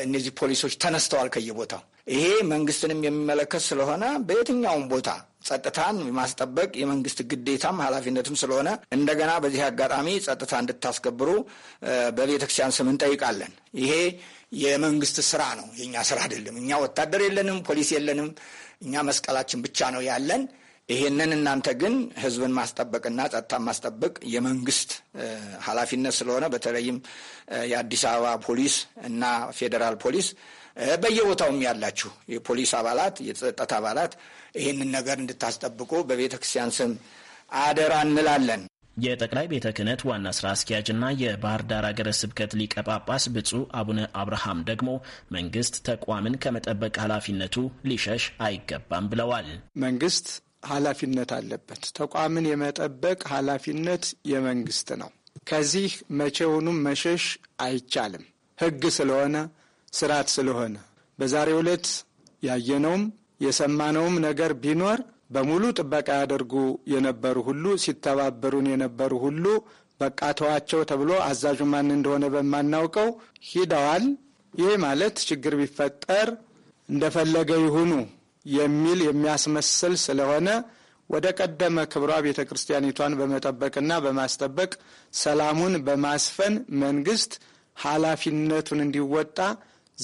እነዚህ ፖሊሶች ተነስተዋል ከየቦታው። ይሄ መንግስትንም የሚመለከት ስለሆነ በየትኛውም ቦታ ጸጥታን የማስጠበቅ የመንግስት ግዴታም ኃላፊነትም ስለሆነ እንደገና በዚህ አጋጣሚ ጸጥታ እንድታስከብሩ በቤተክርስቲያን ስም እንጠይቃለን። ይሄ የመንግስት ስራ ነው፣ የእኛ ስራ አይደለም። እኛ ወታደር የለንም፣ ፖሊስ የለንም። እኛ መስቀላችን ብቻ ነው ያለን። ይሄንን እናንተ ግን ህዝብን ማስጠበቅና ጸጥታን ማስጠበቅ የመንግስት ኃላፊነት ስለሆነ በተለይም የአዲስ አበባ ፖሊስ እና ፌዴራል ፖሊስ በየቦታውም ያላችሁ የፖሊስ አባላት፣ የጸጥታ አባላት ይህንን ነገር እንድታስጠብቁ በቤተ ክርስቲያን ስም አደራ እንላለን። የጠቅላይ ቤተ ክህነት ዋና ስራ አስኪያጅና የባህር ዳር ሀገረ ስብከት ሊቀ ጳጳስ ብፁዕ አቡነ አብርሃም ደግሞ መንግስት ተቋምን ከመጠበቅ ኃላፊነቱ ሊሸሽ አይገባም ብለዋል። መንግስት ኃላፊነት አለበት። ተቋምን የመጠበቅ ኃላፊነት የመንግስት ነው። ከዚህ መቼውኑም መሸሽ አይቻልም። ህግ ስለሆነ ስርዓት ስለሆነ በዛሬው ዕለት ያየነውም የሰማነውም ነገር ቢኖር በሙሉ ጥበቃ ያደርጉ የነበሩ ሁሉ ሲተባበሩን የነበሩ ሁሉ በቃ ተዋቸው ተብሎ አዛዡ ማን እንደሆነ በማናውቀው ሂደዋል። ይህ ማለት ችግር ቢፈጠር እንደፈለገ ይሁኑ የሚል የሚያስመስል ስለሆነ ወደ ቀደመ ክብሯ ቤተ ክርስቲያኒቷን በመጠበቅና በማስጠበቅ ሰላሙን በማስፈን መንግስት ኃላፊነቱን እንዲወጣ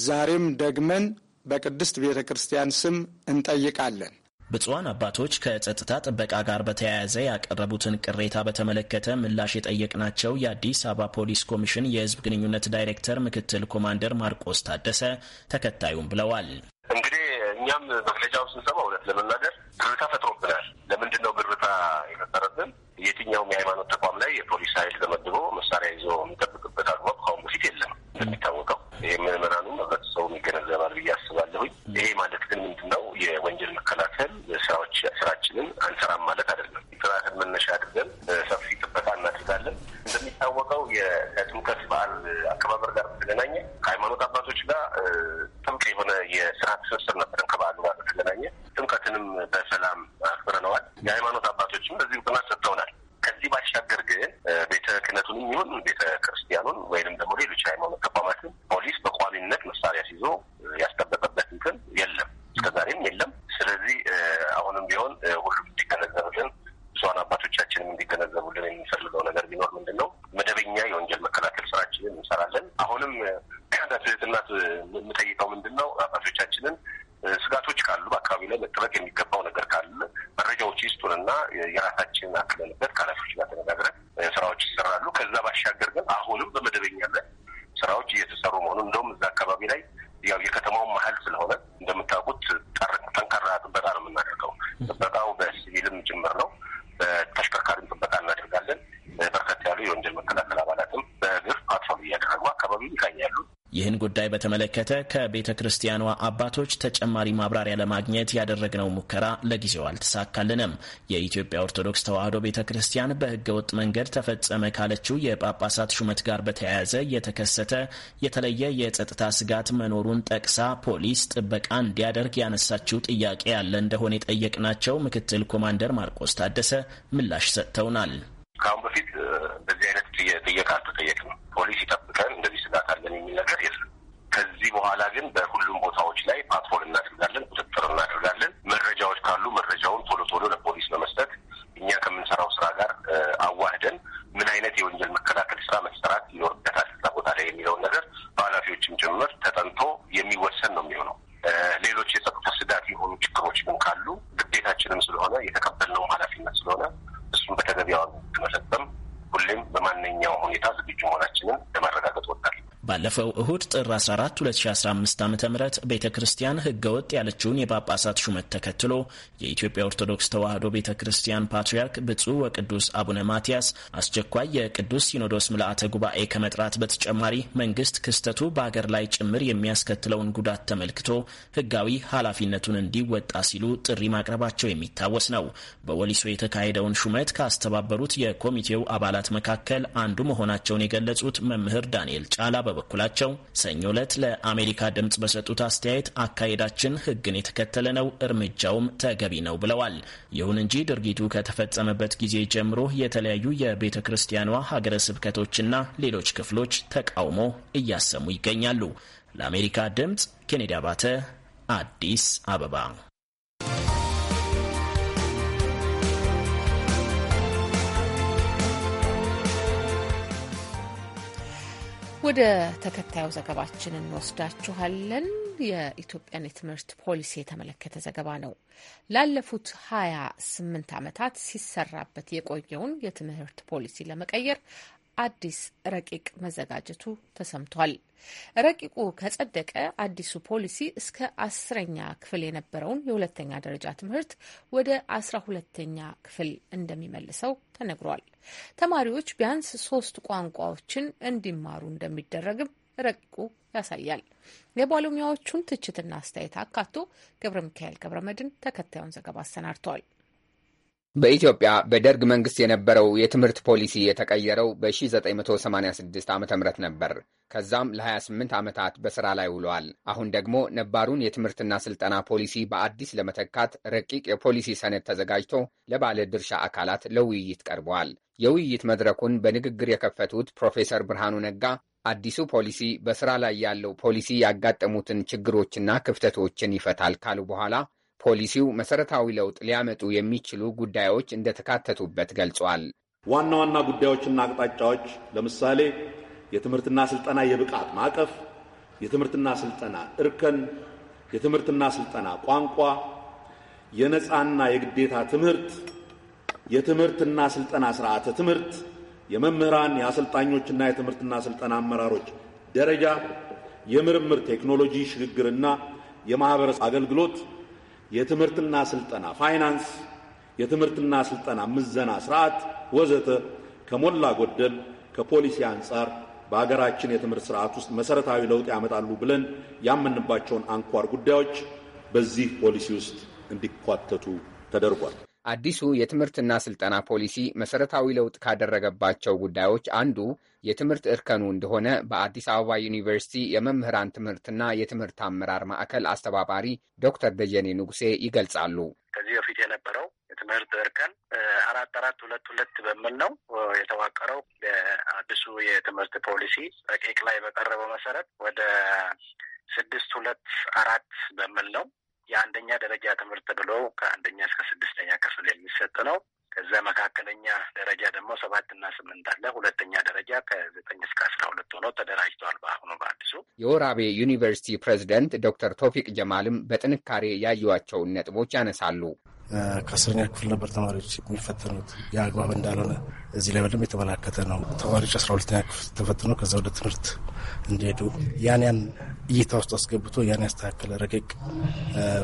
ዛሬም ደግመን በቅድስት ቤተ ክርስቲያን ስም እንጠይቃለን። ብፁዓን አባቶች ከጸጥታ ጥበቃ ጋር በተያያዘ ያቀረቡትን ቅሬታ በተመለከተ ምላሽ የጠየቅናቸው የአዲስ አበባ ፖሊስ ኮሚሽን የሕዝብ ግንኙነት ዳይሬክተር ምክትል ኮማንደር ማርቆስ ታደሰ ተከታዩም ብለዋል። እንግዲህ እኛም መግለጫው ስንሰማ እውነት ለመናገር ግርታ ፈጥሮብናል። ለምንድን ነው ግርታ የፈጠረብን? የትኛውም የሃይማኖት ተቋም ላይ የፖሊስ ኃይል ተመድቦ መሳሪያ ይዞ የሚጠብቅበት አግባብ ከአሁን በፊት የለም። እንደሚታወቀው ይህ ምዕመናኑም ህብረተሰቡ ይገነዘባል ብዬ አስባለሁኝ። ይሄ ማለት ግን ምንድን ነው የወንጀል መከላከል ስራዎች ስራችንን አንሰራም ማለት አይደለም። ጥናትን መነሻ አድርገን ሰፊ ጥበቃ እናደርጋለን። እንደሚታወቀው የጥምቀት በዓል አከባበር ጋር በተገናኘ ከሃይማኖት አባቶች ጋር ጥብቅ የሆነ የስራ ትስስር ነበረን። ከበዓሉ ጋር በተገናኘ ጥምቀትንም በሰላም አክብረነዋል። የሃይማኖት አባቶችም በዚህ እውቅና ሰጥተውናል። ከዚህ ባሻገር ግን ቤተ ክህነቱንም ይሁን ቤተ ክርስቲያኑን ወይንም ደግሞ ሌሎች ሃይማኖት ተቋማትን ፖሊስ በቋሚነት መሳሪያ ሲዞ ያስጠበቀበት እንትን የለም። እስከዛሬም የለም። ስለዚህ አሁንም ቢሆን ሁሉም እንዲገነዘብልን ብዙሀን አባቶቻችንም እንዲገነዘቡልን የምንፈልገው ነገር ቢኖር ምንድን ነው መደበኛ የወንጀል መከላከል ስራችንን እንሰራለን። አሁንም አንዳንድ ትናት የምጠይቀው ምንድን ነው አባቶቻችንን ስጋቶች ካሉ በአካባቢ ላይ መጠበቅ የሚገባው ነገር ካለ መረጃዎች ይስጡንና የራሳችንን አክለ በተመለከተ ከቤተ ክርስቲያኗ አባቶች ተጨማሪ ማብራሪያ ለማግኘት ያደረግነው ሙከራ ለጊዜው አልተሳካልንም። የኢትዮጵያ ኦርቶዶክስ ተዋሕዶ ቤተ ክርስቲያን በሕገወጥ መንገድ ተፈጸመ ካለችው የጳጳሳት ሹመት ጋር በተያያዘ የተከሰተ የተለየ የጸጥታ ስጋት መኖሩን ጠቅሳ ፖሊስ ጥበቃ እንዲያደርግ ያነሳችው ጥያቄ ያለ እንደሆነ የጠየቅናቸው ምክትል ኮማንደር ማርቆስ ታደሰ ምላሽ ሰጥተውናል። ከአሁን በፊት እንደዚህ አይነት ጥየቃ አልተጠየቅም። ፖሊስ ይጠብቀን እንደዚህ ስጋት አለን የሚል ነገር የለም። ከዚህ በኋላ ግን በሁሉም ቦታዎች ላይ ፓትሮል እናደርጋለን፣ ቁጥጥር እናደርጋለን። መረጃዎች ካሉ መረጃውን ቶሎ ቶሎ ለፖሊስ በመስጠት እኛ ከምንሰራው ስራ ጋር አዋህደን ምን አይነት የወንጀል መከላከል ስራ መሰራት ይኖርበታል እዛ ቦታ ላይ የሚለውን ነገር በኃላፊዎችም ጭምር ተጠንቶ የሚወሰን ነው የሚሆነው። ሌሎች የጸጥታ ስጋት የሆኑ ችግሮች ግን ካሉ ግዴታችንም ስለሆነ የተቀበልነውም ኃላፊነት ስለሆነ እሱም በተገቢያ ለመፈጸም ሁሌም በማንኛውም ሁኔታ ዝግጁ መሆናችንን ለማረጋገጥ ወጣል። ባለፈው እሁድ ጥር 14 2015 ዓ ም ቤተ ክርስቲያን ህገወጥ ያለችውን የጳጳሳት ሹመት ተከትሎ የኢትዮጵያ ኦርቶዶክስ ተዋሕዶ ቤተ ክርስቲያን ፓትርያርክ ብፁዕ ወቅዱስ አቡነ ማትያስ አስቸኳይ የቅዱስ ሲኖዶስ ምልአተ ጉባኤ ከመጥራት በተጨማሪ መንግስት ክስተቱ በአገር ላይ ጭምር የሚያስከትለውን ጉዳት ተመልክቶ ህጋዊ ኃላፊነቱን እንዲወጣ ሲሉ ጥሪ ማቅረባቸው የሚታወስ ነው። በወሊሶ የተካሄደውን ሹመት ካስተባበሩት የኮሚቴው አባላት መካከል አንዱ መሆናቸውን የገለጹት መምህር ዳንኤል ጫላ በበኩላቸው ሰኞ ዕለት ለአሜሪካ ድምፅ በሰጡት አስተያየት አካሄዳችን ህግን የተከተለ ነው፣ እርምጃውም ተገቢ ነው ብለዋል። ይሁን እንጂ ድርጊቱ ከተፈጸመበት ጊዜ ጀምሮ የተለያዩ የቤተ ክርስቲያኗ ሀገረ ስብከቶችና ሌሎች ክፍሎች ተቃውሞ እያሰሙ ይገኛሉ። ለአሜሪካ ድምፅ ኬኔዲ አባተ አዲስ አበባ ወደ ተከታዩ ዘገባችን እንወስዳችኋለን። የኢትዮጵያን የትምህርት ፖሊሲ የተመለከተ ዘገባ ነው። ላለፉት ሀያ ስምንት ዓመታት ሲሰራበት የቆየውን የትምህርት ፖሊሲ ለመቀየር አዲስ ረቂቅ መዘጋጀቱ ተሰምቷል። ረቂቁ ከጸደቀ አዲሱ ፖሊሲ እስከ አስረኛ ክፍል የነበረውን የሁለተኛ ደረጃ ትምህርት ወደ አስራ ሁለተኛ ክፍል እንደሚመልሰው ተነግሯል። ተማሪዎች ቢያንስ ሶስት ቋንቋዎችን እንዲማሩ እንደሚደረግም ረቂቁ ያሳያል። የባለሙያዎቹን ትችትና አስተያየት አካቶ ገብረ ሚካኤል ገብረ መድን ተከታዩን ዘገባ አሰናድተዋል። በኢትዮጵያ በደርግ መንግስት የነበረው የትምህርት ፖሊሲ የተቀየረው በ1986 ዓ ም ነበር። ከዛም ለ28 ዓመታት በሥራ ላይ ውሏል። አሁን ደግሞ ነባሩን የትምህርትና ስልጠና ፖሊሲ በአዲስ ለመተካት ረቂቅ የፖሊሲ ሰነድ ተዘጋጅቶ ለባለ ድርሻ አካላት ለውይይት ቀርበዋል። የውይይት መድረኩን በንግግር የከፈቱት ፕሮፌሰር ብርሃኑ ነጋ አዲሱ ፖሊሲ በሥራ ላይ ያለው ፖሊሲ ያጋጠሙትን ችግሮችና ክፍተቶችን ይፈታል ካሉ በኋላ ፖሊሲው መሰረታዊ ለውጥ ሊያመጡ የሚችሉ ጉዳዮች እንደተካተቱበት ገልጿል። ዋና ዋና ጉዳዮችና አቅጣጫዎች ለምሳሌ የትምህርትና ስልጠና የብቃት ማዕቀፍ፣ የትምህርትና ስልጠና እርከን፣ የትምህርትና ስልጠና ቋንቋ፣ የነፃና የግዴታ ትምህርት፣ የትምህርትና ስልጠና ስርዓተ ትምህርት፣ የመምህራን የአሰልጣኞችና የትምህርትና ስልጠና አመራሮች ደረጃ፣ የምርምር ቴክኖሎጂ ሽግግርና የማህበረሰብ አገልግሎት የትምህርትና ስልጠና፣ ፋይናንስ፣ የትምህርትና ስልጠና ምዘና ስርዓት ወዘተ ከሞላ ጎደል ከፖሊሲ አንጻር በሀገራችን የትምህርት ስርዓት ውስጥ መሰረታዊ ለውጥ ያመጣሉ ብለን ያመንባቸውን አንኳር ጉዳዮች በዚህ ፖሊሲ ውስጥ እንዲኳተቱ ተደርጓል። አዲሱ የትምህርትና ስልጠና ፖሊሲ መሰረታዊ ለውጥ ካደረገባቸው ጉዳዮች አንዱ የትምህርት እርከኑ እንደሆነ በአዲስ አበባ ዩኒቨርሲቲ የመምህራን ትምህርትና የትምህርት አመራር ማዕከል አስተባባሪ ዶክተር ደጀኔ ንጉሴ ይገልጻሉ። ከዚህ በፊት የነበረው የትምህርት እርከን አራት አራት ሁለት ሁለት በሚል ነው የተዋቀረው። የአዲሱ የትምህርት ፖሊሲ ረቂቅ ላይ በቀረበው መሰረት ወደ ስድስት ሁለት አራት በሚል ነው የአንደኛ ደረጃ ትምህርት ብሎ ከአንደኛ እስከ ስድስተኛ ክፍል የሚሰጥ ነው። ከዛ መካከለኛ ደረጃ ደግሞ ሰባት እና ስምንት አለ። ሁለተኛ ደረጃ ከዘጠኝ እስከ አስራ ሁለት ሆኖ ተደራጅተዋል። በአሁኑ በአዲሱ የወራቤ ዩኒቨርሲቲ ፕሬዚደንት ዶክተር ቶፊቅ ጀማልም በጥንካሬ ያዩዋቸውን ነጥቦች ያነሳሉ። ከአስረኛ ክፍል ነበር ተማሪዎች የሚፈተኑት። የአግባብ እንዳልሆነ እዚህ ላይ በደንብ የተመላከተ ነው። ተማሪዎች አስራ ሁለተኛ ክፍል ተፈትኖ ከዛ ወደ ትምህርት እንዲሄዱ ያን ያን እይታ ውስጥ አስገብቶ ያን ያስተካከለ ረቂቅ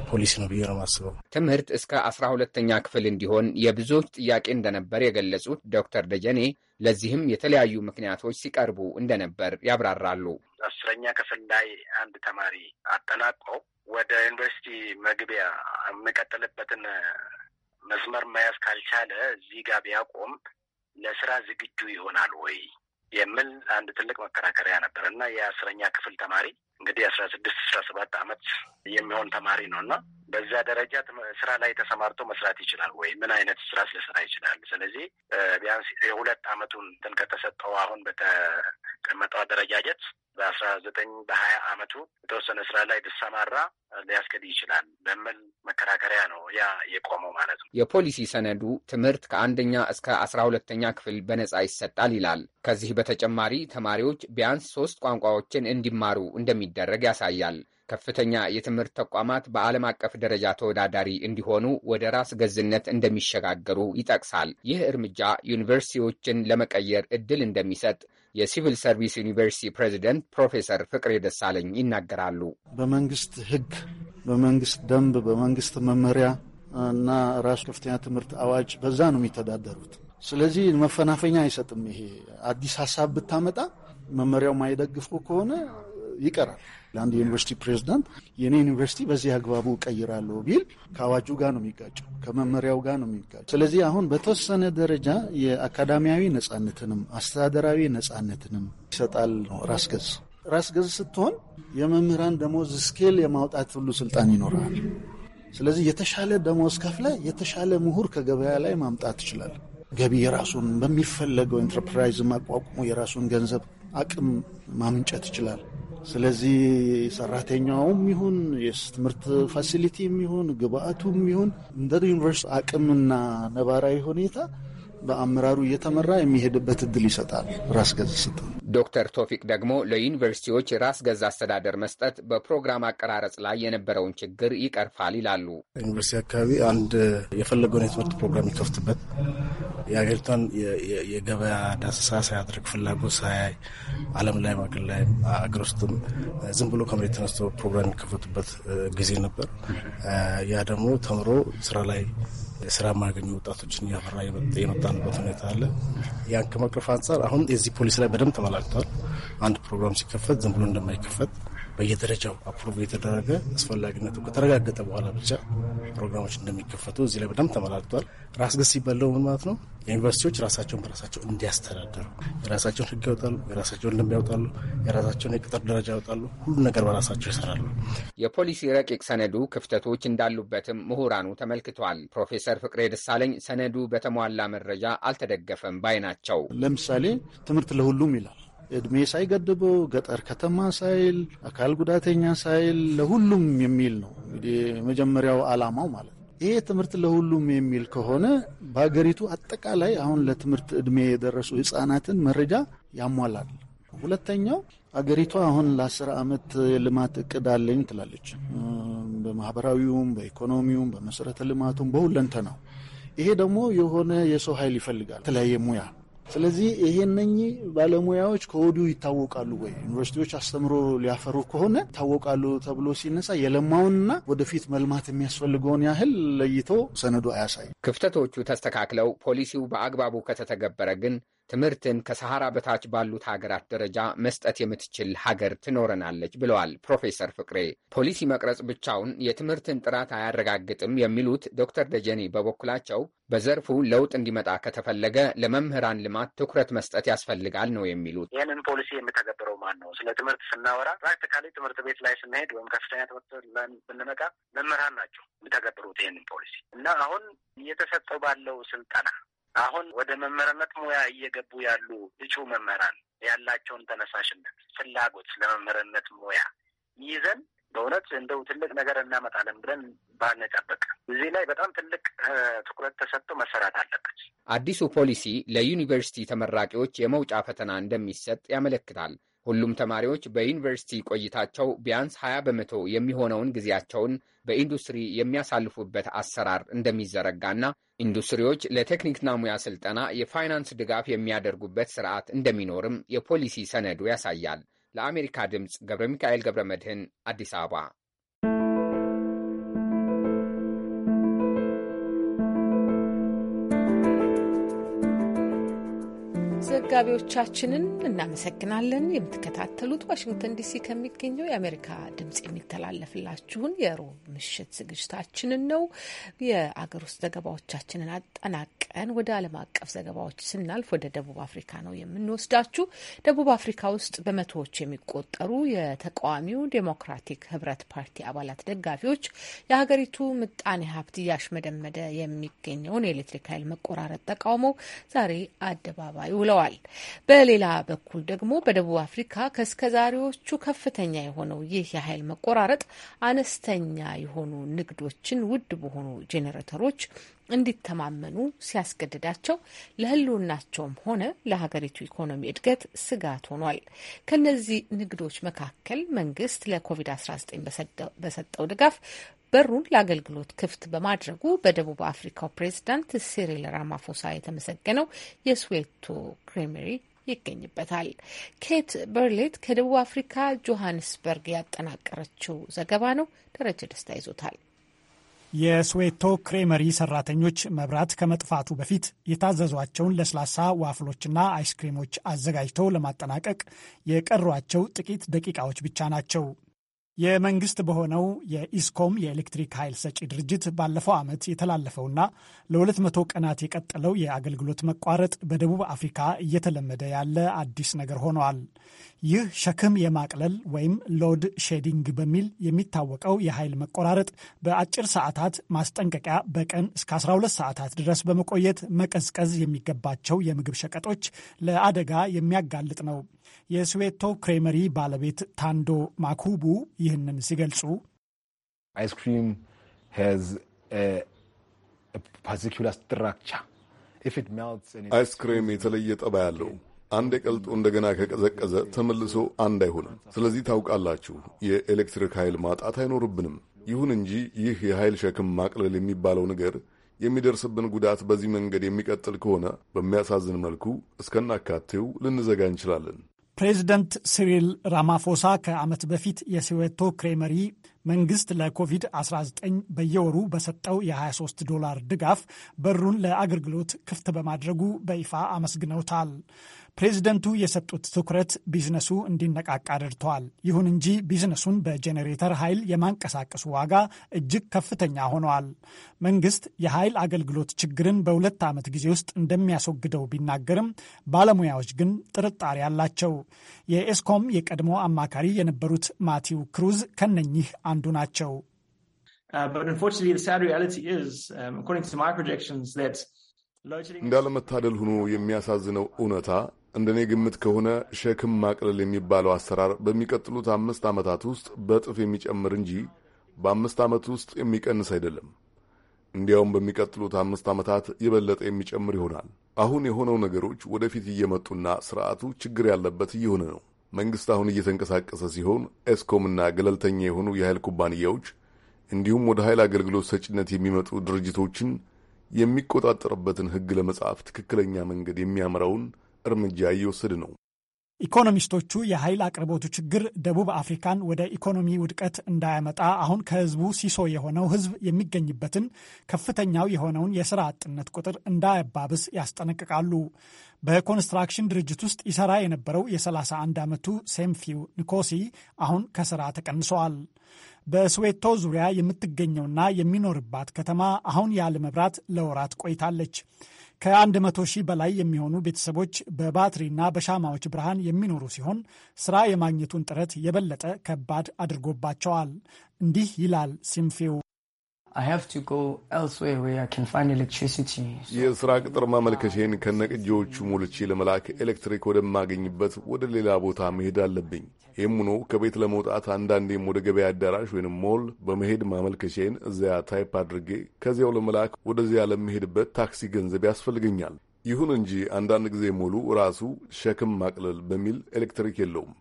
ፖሊሲ ነው ብዬ ነው የማስበው። ትምህርት እስከ አስራ ሁለተኛ ክፍል እንዲሆን የብዙዎች ጥያቄ እንደነበር የገለጹት ዶክተር ደጀኔ ለዚህም የተለያዩ ምክንያቶች ሲቀርቡ እንደነበር ያብራራሉ። አስረኛ ክፍል ላይ አንድ ተማሪ አጠናቆ ወደ ዩኒቨርሲቲ መግቢያ የሚቀጥልበትን መስመር መያዝ ካልቻለ እዚህ ጋር ቢያቆም ለስራ ዝግጁ ይሆናል ወይ የሚል አንድ ትልቅ መከራከሪያ ነበር እና የአስረኛ ክፍል ተማሪ እንግዲህ አስራ ስድስት አስራ ሰባት አመት የሚሆን ተማሪ ነው እና በዛ ደረጃ ስራ ላይ ተሰማርቶ መስራት ይችላል ወይ? ምን አይነት ስራ ስለስራ ይችላል? ስለዚህ ቢያንስ የሁለት አመቱን እንትን ከተሰጠው አሁን በተቀመጠው አደረጃጀት በአስራ ዘጠኝ በሀያ አመቱ የተወሰነ ስራ ላይ ብሰማራ ሊያስገድ ይችላል በሚል መከራከሪያ ነው ያ የቆመው ማለት ነው። የፖሊሲ ሰነዱ ትምህርት ከአንደኛ እስከ አስራ ሁለተኛ ክፍል በነጻ ይሰጣል ይላል። ከዚህ በተጨማሪ ተማሪዎች ቢያንስ ሶስት ቋንቋዎችን እንዲማሩ እንደሚደረግ ያሳያል። ከፍተኛ የትምህርት ተቋማት በዓለም አቀፍ ደረጃ ተወዳዳሪ እንዲሆኑ ወደ ራስ ገዝነት እንደሚሸጋገሩ ይጠቅሳል። ይህ እርምጃ ዩኒቨርሲቲዎችን ለመቀየር እድል እንደሚሰጥ የሲቪል ሰርቪስ ዩኒቨርሲቲ ፕሬዚደንት ፕሮፌሰር ፍቅሬ ደሳለኝ ይናገራሉ። በመንግስት ህግ፣ በመንግስት ደንብ፣ በመንግስት መመሪያ እና ራሱ ከፍተኛ ትምህርት አዋጅ በዛ ነው የሚተዳደሩት። ስለዚህ መፈናፈኛ አይሰጥም። ይሄ አዲስ ሀሳብ ብታመጣ መመሪያው ማይደግፉ ከሆነ ይቀራል። ለአንድ ዩኒቨርሲቲ ፕሬዚዳንት የኔ ዩኒቨርሲቲ በዚህ አግባቡ ቀይራለሁ ቢል ከአዋጁ ጋር ነው የሚጋጨው፣ ከመመሪያው ጋር ነው የሚጋጨው። ስለዚህ አሁን በተወሰነ ደረጃ የአካዳሚያዊ ነጻነትንም አስተዳደራዊ ነጻነትንም ይሰጣል ነው ራስ ገዝ። ራስ ገዝ ስትሆን የመምህራን ደሞዝ ስኬል የማውጣት ሁሉ ስልጣን ይኖራል። ስለዚህ የተሻለ ደሞዝ ከፍለ የተሻለ ምሁር ከገበያ ላይ ማምጣት ይችላል። ገቢ የራሱን በሚፈለገው ኢንተርፕራይዝ ማቋቁሞ የራሱን ገንዘብ አቅም ማምንጨት ይችላል። ስለዚህ ሰራተኛውም ይሁን የትምህርት ፋሲሊቲ ይሁን ግብአቱም ይሁን እንደ ዩኒቨርስቲ አቅምና ነባራዊ ሁኔታ በአመራሩ እየተመራ የሚሄድበት እድል ይሰጣል። ራስ ገዝ ስጥ ዶክተር ቶፊቅ ደግሞ ለዩኒቨርሲቲዎች ራስ ገዝ አስተዳደር መስጠት በፕሮግራም አቀራረጽ ላይ የነበረውን ችግር ይቀርፋል ይላሉ። ዩኒቨርሲቲ አካባቢ አንድ የፈለገውን የትምህርት ፕሮግራም ይከፍትበት የሀገሪቷን የገበያ ዳሰሳ ሳያደርግ ፍላጎት ሳያይ ዓለም ላይ ማገል ላይ አገር ውስጥም ዝም ብሎ ከመሬት ተነስቶ ፕሮግራም የሚከፈቱበት ጊዜ ነበር። ያ ደግሞ ተምሮ ስራ ላይ ስራ ማገኙ ወጣቶችን እያፈራ የመጣንበት ሁኔታ አለ። ያን ከመቅረፍ አንጻር አሁን የዚህ ፖሊሲ ላይ በደንብ ተመላክቷል። አንድ ፕሮግራም ሲከፈት ዝም ብሎ እንደማይከፈት በየደረጃው አፕሮቭ የተደረገ አስፈላጊነቱ ከተረጋገጠ በኋላ ብቻ ፕሮግራሞች እንደሚከፈቱ እዚህ ላይ በደንብ ተመላልቷል። ራስ ገዝ ሲበለው ምን ማለት ነው? ዩኒቨርሲቲዎች ራሳቸውን በራሳቸው እንዲያስተዳደሩ የራሳቸውን ሕግ ያወጣሉ፣ የራሳቸውን ልምድ ያወጣሉ፣ የራሳቸውን የቅጥር ደረጃ ያወጣሉ። ሁሉ ነገር በራሳቸው ይሰራሉ። የፖሊሲ ረቂቅ ሰነዱ ክፍተቶች እንዳሉበትም ምሁራኑ ተመልክቷል። ፕሮፌሰር ፍቅሬ ደሳለኝ ሰነዱ በተሟላ መረጃ አልተደገፈም ባይ ናቸው። ለምሳሌ ትምህርት ለሁሉም ይላል እድሜ ሳይገድበው ገጠር ከተማ ሳይል አካል ጉዳተኛ ሳይል ለሁሉም የሚል ነው እንግዲህ የመጀመሪያው አላማው ማለት ነው። ይሄ ትምህርት ለሁሉም የሚል ከሆነ በሀገሪቱ አጠቃላይ አሁን ለትምህርት እድሜ የደረሱ ህጻናትን መረጃ ያሟላል። ሁለተኛው አገሪቷ አሁን ለአስር ዓመት የልማት እቅድ አለኝ ትላለች። በማህበራዊውም፣ በኢኮኖሚውም፣ በመሰረተ ልማቱም በሁለንተ ነው። ይሄ ደግሞ የሆነ የሰው ኃይል ይፈልጋል። የተለያየ ሙያ ስለዚህ ይሄነኝ ባለሙያዎች ከወዲሁ ይታወቃሉ ወይ ዩኒቨርሲቲዎች አስተምሮ ሊያፈሩ ከሆነ ይታወቃሉ ተብሎ ሲነሳ የለማውንና ወደፊት መልማት የሚያስፈልገውን ያህል ለይቶ ሰነዱ አያሳይም። ክፍተቶቹ ተስተካክለው ፖሊሲው በአግባቡ ከተተገበረ ግን ትምህርትን ከሰሃራ በታች ባሉት ሀገራት ደረጃ መስጠት የምትችል ሀገር ትኖረናለች ብለዋል ፕሮፌሰር ፍቅሬ። ፖሊሲ መቅረጽ ብቻውን የትምህርትን ጥራት አያረጋግጥም የሚሉት ዶክተር ደጀኔ በበኩላቸው በዘርፉ ለውጥ እንዲመጣ ከተፈለገ ለመምህራን ልማት ትኩረት መስጠት ያስፈልጋል ነው የሚሉት። ይህንን ፖሊሲ የምተገብረው ማን ነው? ስለ ትምህርት ስናወራ ፕራክቲካሊ ትምህርት ቤት ላይ ስንሄድ ወይም ከፍተኛ ትምህርት ብንመጣ መምህራን ናቸው የምተገብሩት ይህንን ፖሊሲ እና አሁን እየተሰጠው ባለው ስልጠና አሁን ወደ መምህርነት ሙያ እየገቡ ያሉ እጩ መምህራን ያላቸውን ተነሳሽነት፣ ፍላጎት ለመምህርነት ሙያ ይዘን በእውነት እንደው ትልቅ ነገር እናመጣለን ብለን ባንጠብቅ እዚህ ላይ በጣም ትልቅ ትኩረት ተሰጥቶ መሰራት አለበት። አዲሱ ፖሊሲ ለዩኒቨርሲቲ ተመራቂዎች የመውጫ ፈተና እንደሚሰጥ ያመለክታል። ሁሉም ተማሪዎች በዩኒቨርሲቲ ቆይታቸው ቢያንስ 20 በመቶ የሚሆነውን ጊዜያቸውን በኢንዱስትሪ የሚያሳልፉበት አሰራር እንደሚዘረጋና ኢንዱስትሪዎች ለቴክኒክና ሙያ ስልጠና የፋይናንስ ድጋፍ የሚያደርጉበት ስርዓት እንደሚኖርም የፖሊሲ ሰነዱ ያሳያል። ለአሜሪካ ድምፅ ገብረ ሚካኤል ገብረ መድህን አዲስ አበባ ዘጋቢዎቻችንን እናመሰግናለን። የምትከታተሉት ዋሽንግተን ዲሲ ከሚገኘው የአሜሪካ ድምጽ የሚተላለፍላችሁን የሮብ ምሽት ዝግጅታችንን ነው። የአገር ውስጥ ዘገባዎቻችንን አጠናቀን ወደ ዓለም አቀፍ ዘገባዎች ስናልፍ ወደ ደቡብ አፍሪካ ነው የምንወስዳችሁ። ደቡብ አፍሪካ ውስጥ በመቶዎች የሚቆጠሩ የተቃዋሚው ዴሞክራቲክ ህብረት ፓርቲ አባላት ደጋፊዎች የሀገሪቱ ምጣኔ ሀብት እያሽመደመደ የሚገኘውን የኤሌክትሪክ ኃይል መቆራረጥ ተቃውመው ዛሬ አደባባይ ውለዋል። በሌላ በኩል ደግሞ በደቡብ አፍሪካ ከእስከዛሬዎቹ ከፍተኛ የሆነው ይህ የኃይል መቆራረጥ አነስተኛ የሆኑ ንግዶችን ውድ በሆኑ ጄኔሬተሮች እንዲተማመኑ ሲያስገድዳቸው ለሕልውናቸውም ሆነ ለሀገሪቱ ኢኮኖሚ እድገት ስጋት ሆኗል። ከነዚህ ንግዶች መካከል መንግስት ለኮቪድ-19 በሰጠው ድጋፍ በሩን ለአገልግሎት ክፍት በማድረጉ በደቡብ አፍሪካው ፕሬዝዳንት ሲሪል ራማፎሳ የተመሰገነው የስዌቶ ክሬሜሪ ይገኝበታል። ኬት በርሌት ከደቡብ አፍሪካ ጆሃንስበርግ ያጠናቀረችው ዘገባ ነው። ደረጀ ደስታ ይዞታል። የስዌቶ ክሬመሪ ሰራተኞች መብራት ከመጥፋቱ በፊት የታዘዟቸውን ለስላሳ ዋፍሎችና አይስክሪሞች አዘጋጅተው ለማጠናቀቅ የቀሯቸው ጥቂት ደቂቃዎች ብቻ ናቸው። የመንግስት በሆነው የኢስኮም የኤሌክትሪክ ኃይል ሰጪ ድርጅት ባለፈው ዓመት የተላለፈውና ለ200 ቀናት የቀጠለው የአገልግሎት መቋረጥ በደቡብ አፍሪካ እየተለመደ ያለ አዲስ ነገር ሆኗል። ይህ ሸክም የማቅለል ወይም ሎድ ሼዲንግ በሚል የሚታወቀው የኃይል መቆራረጥ በአጭር ሰዓታት ማስጠንቀቂያ በቀን እስከ 12 ሰዓታት ድረስ በመቆየት መቀዝቀዝ የሚገባቸው የምግብ ሸቀጦች ለአደጋ የሚያጋልጥ ነው። የስዌቶ ክሬመሪ ባለቤት ታንዶ ማኩቡ ይህንን ሲገልጹ አይስክሬም የተለየ ጠባ ያለው አንድ የቀልጦ እንደገና ከቀዘቀዘ ተመልሶ አንድ አይሆንም። ስለዚህ ታውቃላችሁ፣ የኤሌክትሪክ ኃይል ማጣት አይኖርብንም። ይሁን እንጂ ይህ የኃይል ሸክም ማቅለል የሚባለው ነገር የሚደርስብን ጉዳት በዚህ መንገድ የሚቀጥል ከሆነ በሚያሳዝን መልኩ እስከናካቴው ልንዘጋ እንችላለን። ፕሬዚደንት ሲሪል ራማፎሳ ከዓመት በፊት የስዌቶ ክሬመሪ መንግስት ለኮቪድ-19 በየወሩ በሰጠው የ23 ዶላር ድጋፍ በሩን ለአገልግሎት ክፍት በማድረጉ በይፋ አመስግነውታል። ፕሬዚደንቱ የሰጡት ትኩረት ቢዝነሱ እንዲነቃቃ አድርተዋል። ይሁን እንጂ ቢዝነሱን በጄኔሬተር ኃይል የማንቀሳቀሱ ዋጋ እጅግ ከፍተኛ ሆነዋል። መንግስት የኃይል አገልግሎት ችግርን በሁለት ዓመት ጊዜ ውስጥ እንደሚያስወግደው ቢናገርም ባለሙያዎች ግን ጥርጣሬ አላቸው። የኤስኮም የቀድሞ አማካሪ የነበሩት ማቲው ክሩዝ ከነኚህ አንዱ ናቸው። uh, um, እንዳለመታደል ሆኖ የሚያሳዝነው እውነታ እንደኔ ግምት ከሆነ ሸክም ማቅለል የሚባለው አሰራር በሚቀጥሉት አምስት ዓመታት ውስጥ በእጥፍ የሚጨምር እንጂ በአምስት ዓመት ውስጥ የሚቀንስ አይደለም። እንዲያውም በሚቀጥሉት አምስት ዓመታት የበለጠ የሚጨምር ይሆናል። አሁን የሆነው ነገሮች ወደፊት እየመጡና ስርዓቱ ችግር ያለበት እየሆነ ነው። መንግሥት አሁን እየተንቀሳቀሰ ሲሆን ኤስኮምና ገለልተኛ የሆኑ የኃይል ኩባንያዎች እንዲሁም ወደ ኃይል አገልግሎት ሰጭነት የሚመጡ ድርጅቶችን የሚቆጣጠርበትን ሕግ ለመጻፍ ትክክለኛ መንገድ የሚያምረውን እርምጃ እየወሰድ ነው። ኢኮኖሚስቶቹ የኃይል አቅርቦቱ ችግር ደቡብ አፍሪካን ወደ ኢኮኖሚ ውድቀት እንዳያመጣ አሁን ከህዝቡ ሲሶ የሆነው ህዝብ የሚገኝበትን ከፍተኛው የሆነውን የስራ አጥነት ቁጥር እንዳያባብስ ያስጠነቅቃሉ። በኮንስትራክሽን ድርጅት ውስጥ ይሰራ የነበረው የ31 ዓመቱ ሴምፊው ንኮሲ አሁን ከስራ ተቀንሰዋል። በስዌቶ ዙሪያ የምትገኘውና የሚኖርባት ከተማ አሁን ያለ መብራት ለወራት ቆይታለች። ከአንድ መቶ ሺህ በላይ የሚሆኑ ቤተሰቦች በባትሪና በሻማዎች ብርሃን የሚኖሩ ሲሆን ስራ የማግኘቱን ጥረት የበለጠ ከባድ አድርጎባቸዋል። እንዲህ ይላል ሲምፌው። የስራ ቅጥር ማመልከቼን ከነቅጂዎቹ ሞልቼ ለመላክ ኤሌክትሪክ ወደማገኝበት ወደ ሌላ ቦታ መሄድ አለብኝ። ይህም ሆኖ ከቤት ለመውጣት አንዳንዴም ወደ ገበያ አዳራሽ ወይም ሞል በመሄድ ማመልከቻዬን እዚያ ታይፕ አድርጌ ከዚያው ለመላክ ወደዚያ ለሚሄድበት ታክሲ ገንዘብ ያስፈልገኛል። ይሁን እንጂ አንዳንድ ጊዜ ሞሉ ራሱ ሸክም ማቅለል በሚል ኤሌክትሪክ የለውም።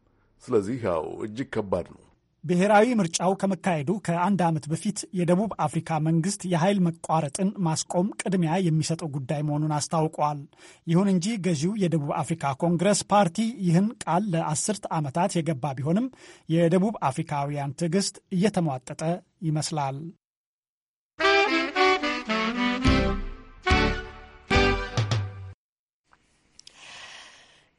ስለዚህ ያው እጅግ ከባድ ነው። ብሔራዊ ምርጫው ከመካሄዱ ከአንድ ዓመት በፊት የደቡብ አፍሪካ መንግስት የኃይል መቋረጥን ማስቆም ቅድሚያ የሚሰጠው ጉዳይ መሆኑን አስታውቋል። ይሁን እንጂ ገዢው የደቡብ አፍሪካ ኮንግረስ ፓርቲ ይህን ቃል ለአስርት ዓመታት የገባ ቢሆንም የደቡብ አፍሪካውያን ትዕግስት እየተሟጠጠ ይመስላል።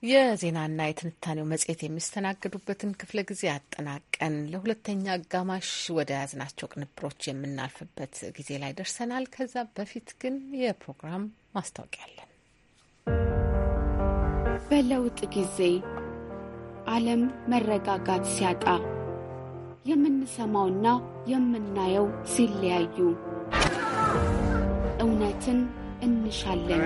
የዜናና የትንታኔው መጽሔት የሚስተናገዱበትን ክፍለ ጊዜ አጠናቀን ለሁለተኛ አጋማሽ ወደ ያዝናቸው ቅንብሮች የምናልፍበት ጊዜ ላይ ደርሰናል። ከዛ በፊት ግን የፕሮግራም ማስታወቂያ አለን። በለውጥ ጊዜ ዓለም መረጋጋት ሲያጣ የምንሰማውና የምናየው ሲለያዩ እውነትን እንሻለን።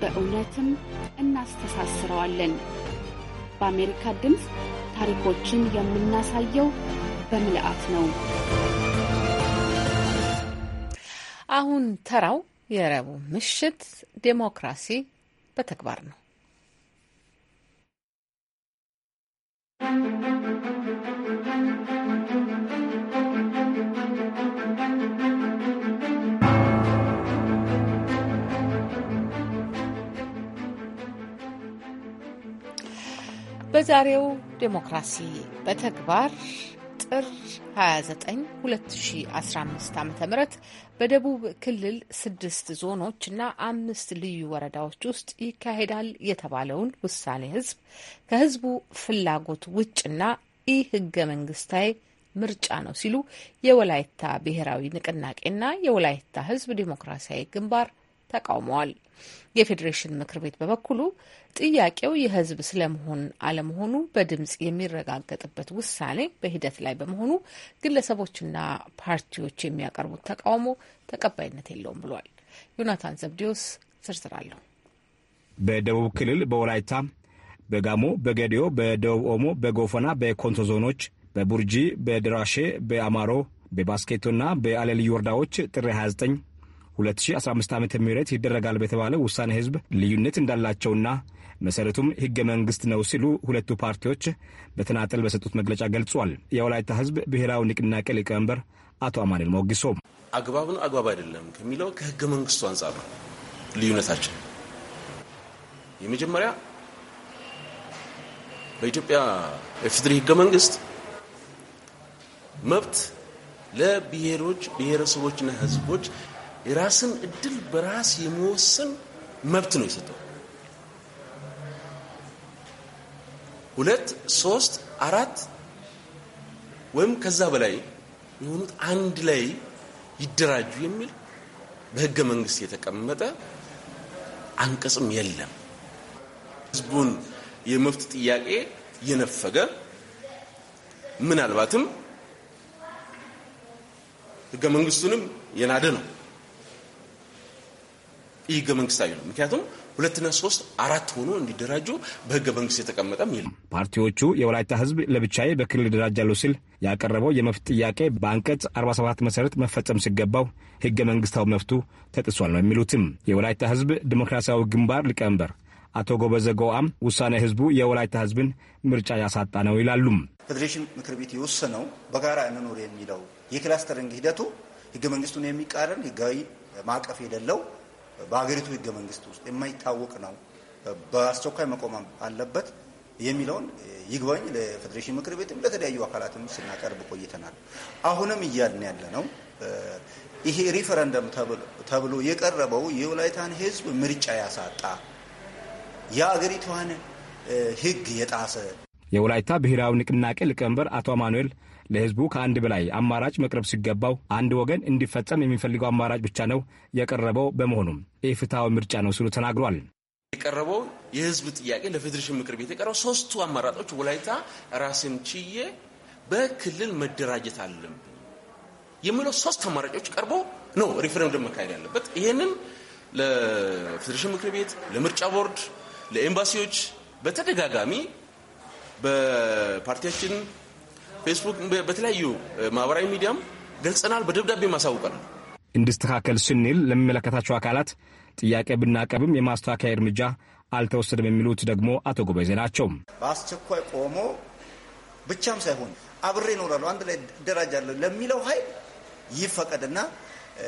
በእውነትም እናስተሳስረዋለን። በአሜሪካ ድምፅ ታሪኮችን የምናሳየው በምልአት ነው። አሁን ተራው የረቡዕ ምሽት ዴሞክራሲ በተግባር ነው። በዛሬው ዴሞክራሲ በተግባር ጥር 29 2015 ዓ ም በደቡብ ክልል ስድስት ዞኖች እና አምስት ልዩ ወረዳዎች ውስጥ ይካሄዳል የተባለውን ውሳኔ ህዝብ ከህዝቡ ፍላጎት ውጭና ኢ ህገ መንግስታዊ ምርጫ ነው ሲሉ የወላይታ ብሔራዊ ንቅናቄና የወላይታ ህዝብ ዴሞክራሲያዊ ግንባር ተቃውመዋል። የፌዴሬሽን ምክር ቤት በበኩሉ ጥያቄው የህዝብ ስለመሆን አለመሆኑ በድምጽ የሚረጋገጥበት ውሳኔ በሂደት ላይ በመሆኑ ግለሰቦችና ፓርቲዎች የሚያቀርቡት ተቃውሞ ተቀባይነት የለውም ብሏል። ዮናታን ዘብዲዮስ ዝርዝር አለሁ። በደቡብ ክልል በወላይታ፣ በጋሞ፣ በገዲዮ፣ በደቡብ ኦሞ፣ በጎፈና፣ በኮንሶ ዞኖች፣ በቡርጂ፣ በድራሼ፣ በአማሮ፣ በባስኬቶና በአለልዩ ወረዳዎች ጥሪ 29 2015 ዓ ም ይደረጋል በተባለው ውሳኔ ህዝብ ልዩነት እንዳላቸውና መሰረቱም ህገ መንግስት ነው ሲሉ ሁለቱ ፓርቲዎች በተናጠል በሰጡት መግለጫ ገልጿል። የወላይታ ህዝብ ብሔራዊ ንቅናቄ ሊቀመንበር አቶ አማኑኤል ሞግሶ። አግባብ ነው አግባብ አይደለም ከሚለው ከህገ መንግስቱ አንጻር ነው ልዩነታችን። የመጀመሪያ በኢትዮጵያ የፍትሪ ህገ መንግስት መብት ለብሔሮች ብሔረሰቦችና ህዝቦች የራስን እድል በራስ የመወሰን መብት ነው የሰጠው። ሁለት ሶስት አራት ወይም ከዛ በላይ የሆኑት አንድ ላይ ይደራጁ የሚል በህገ መንግስት የተቀመጠ አንቀጽም የለም። ህዝቡን የመብት ጥያቄ የነፈገ ምናልባትም ህገ መንግስቱንም የናደ ነው። ይህ ህገ መንግስታዊ ነው። ምክንያቱም ሁለትና ሶስት አራት ሆኖ እንዲደራጁ በህገ መንግስት የተቀመጠም ይል ፓርቲዎቹ የወላይታ ህዝብ ለብቻዬ በክልል እደራጃለሁ ሲል ያቀረበው የመፍት ጥያቄ በአንቀጽ 47 መሰረት መፈጸም ሲገባው ህገ መንግስታዊ መፍቱ ተጥሷል ነው የሚሉትም የወላይታ ህዝብ ዲሞክራሲያዊ ግንባር ሊቀመንበር አቶ ጎበዘ ጎአም ውሳኔ ህዝቡ የወላይታ ህዝብን ምርጫ ያሳጣ ነው ይላሉም። ፌዴሬሽን ምክር ቤት የወሰነው በጋራ እንኖር የሚለው የክላስተሪንግ ሂደቱ ህገ መንግስቱን የሚቃረን ህጋዊ ማዕቀፍ የሌለው በሀገሪቱ ህገ መንግስት ውስጥ የማይታወቅ ነው፣ በአስቸኳይ መቆም አለበት የሚለውን ይግባኝ ለፌዴሬሽን ምክር ቤትም ለተለያዩ አካላትም ስናቀርብ ቆይተናል። አሁንም እያልን ያለ ነው ይሄ ሪፈረንደም ተብሎ የቀረበው የወላይታን ህዝብ ምርጫ ያሳጣ የአገሪቷን ህግ የጣሰ የወላይታ ብሔራዊ ንቅናቄ ሊቀመንበር አቶ አማኑኤል ለህዝቡ ከአንድ በላይ አማራጭ መቅረብ ሲገባው አንድ ወገን እንዲፈጸም የሚፈልገው አማራጭ ብቻ ነው የቀረበው። በመሆኑም የፍትሐዊ ምርጫ ነው ሲሉ ተናግሯል። የቀረበው የህዝብ ጥያቄ ለፌዴሬሽን ምክር ቤት የቀረበው ሶስቱ አማራጮች ወላይታ ራስን ችዬ በክልል መደራጀት አለም። የሚለው ሶስት አማራጮች ቀርቦ ነው ሪፈረንደም መካሄድ ያለበት። ይህንን ለፌዴሬሽን ምክር ቤት፣ ለምርጫ ቦርድ፣ ለኤምባሲዎች በተደጋጋሚ በፓርቲያችን ፌስቡክ፣ በተለያዩ ማህበራዊ ሚዲያም ገልጸናል፣ በደብዳቤ ማሳውቀናል። እንዲስተካከል ስንል ለሚመለከታቸው አካላት ጥያቄ ብናቀርብም የማስተካከያ እርምጃ አልተወሰደም የሚሉት ደግሞ አቶ ጎበዜ ናቸው። በአስቸኳይ ቆሞ ብቻም ሳይሆን አብሬ እኖራለሁ፣ አንድ ላይ እደራጃለሁ ለሚለው ኃይል ይፈቀድና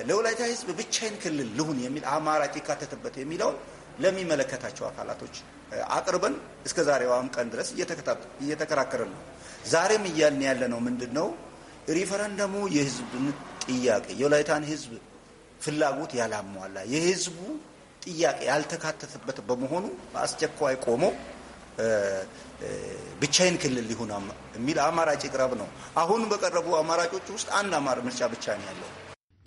ለወላይታ ህዝብ ብቻዬን ክልል ልሁን የሚል አማራጭ ይካተትበት የሚለውን ለሚመለከታቸው አካላቶች አቅርበን እስከ ዛሬዋም ቀን ድረስ እየተከራከርን ነው። ዛሬም እያልን ያለ ነው ምንድን ነው ሪፈረንደሙ የህዝብን ጥያቄ የወላይታን ህዝብ ፍላጎት ያላሟላ የህዝቡ ጥያቄ ያልተካተተበት በመሆኑ በአስቸኳይ ቆሞ ብቻዬን ክልል ሊሆን የሚል አማራጭ ይቅረብ ነው። አሁን በቀረቡ አማራጮች ውስጥ አንድ አማራጭ ምርጫ ብቻ ነው ያለው።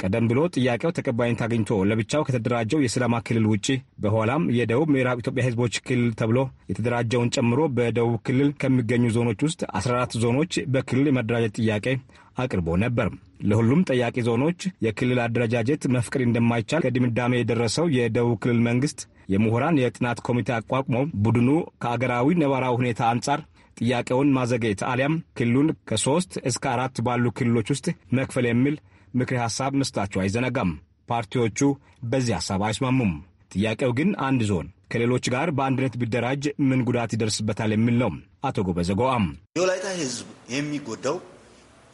ቀደም ብሎ ጥያቄው ተቀባይነት አግኝቶ ለብቻው ከተደራጀው የሰላማ ክልል ውጭ በኋላም የደቡብ ምዕራብ ኢትዮጵያ ህዝቦች ክልል ተብሎ የተደራጀውን ጨምሮ በደቡብ ክልል ከሚገኙ ዞኖች ውስጥ 14 ዞኖች በክልል የመደራጀት ጥያቄ አቅርቦ ነበር። ለሁሉም ጠያቂ ዞኖች የክልል አደረጃጀት መፍቀድ እንደማይቻል ከድምዳሜ የደረሰው የደቡብ ክልል መንግስት የምሁራን የጥናት ኮሚቴ አቋቁሞ ቡድኑ ከአገራዊ ነባራዊ ሁኔታ አንጻር ጥያቄውን ማዘገየት አሊያም ክልሉን ከሶስት እስከ አራት ባሉ ክልሎች ውስጥ መክፈል የሚል ምክር ሐሳብ መስጣቸው አይዘነጋም። ፓርቲዎቹ በዚህ ሐሳብ አይስማሙም። ጥያቄው ግን አንድ ዞን ከሌሎች ጋር በአንድነት ቢደራጅ ምን ጉዳት ይደርስበታል የሚል ነው። አቶ ጎበዘ ጎአም የወላይታ ህዝብ የሚጎዳው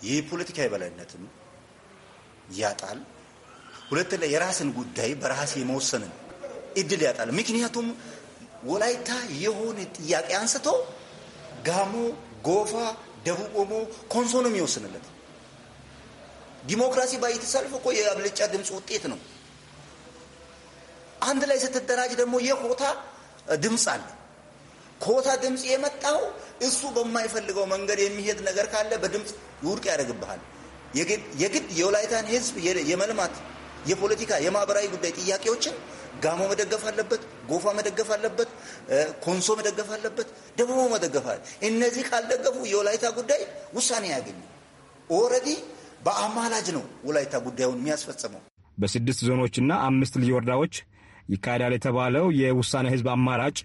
የፖለቲካ የበላይነትን ያጣል። ሁለተኛ የራስን ጉዳይ በራስ የመወሰንን እድል ያጣል። ምክንያቱም ወላይታ የሆነ ጥያቄ አንስቶ ጋሞ፣ ጎፋ፣ ደቡብ ኦሞ፣ ኮንሶ ነው የሚወስንለት ዲሞክራሲ ባይት ሰልፍ እኮ የአብልጫ ድምፅ ውጤት ነው። አንድ ላይ ስትደራጅ ደግሞ የኮታ ድምፅ አለ። ኮታ ድምፅ የመጣው እሱ በማይፈልገው መንገድ የሚሄድ ነገር ካለ በድምፅ ውድቅ ያደርግብሃል። የግድ የወላይታን ህዝብ የመልማት የፖለቲካ የማህበራዊ ጉዳይ ጥያቄዎችን ጋሞ መደገፍ አለበት፣ ጎፋ መደገፍ አለበት፣ ኮንሶ መደገፍ አለበት፣ ደቡብ መደገፍ አለ። እነዚህ ካልደገፉ የወላይታ ጉዳይ ውሳኔ ያገኙ ኦልሬዲ በአማላጅ ነው ወላይታ ጉዳዩን የሚያስፈጽመው። በስድስት ዞኖችና አምስት ልዩ ወረዳዎች ይካሄዳል የተባለው የውሳኔ ህዝብ አማራጭ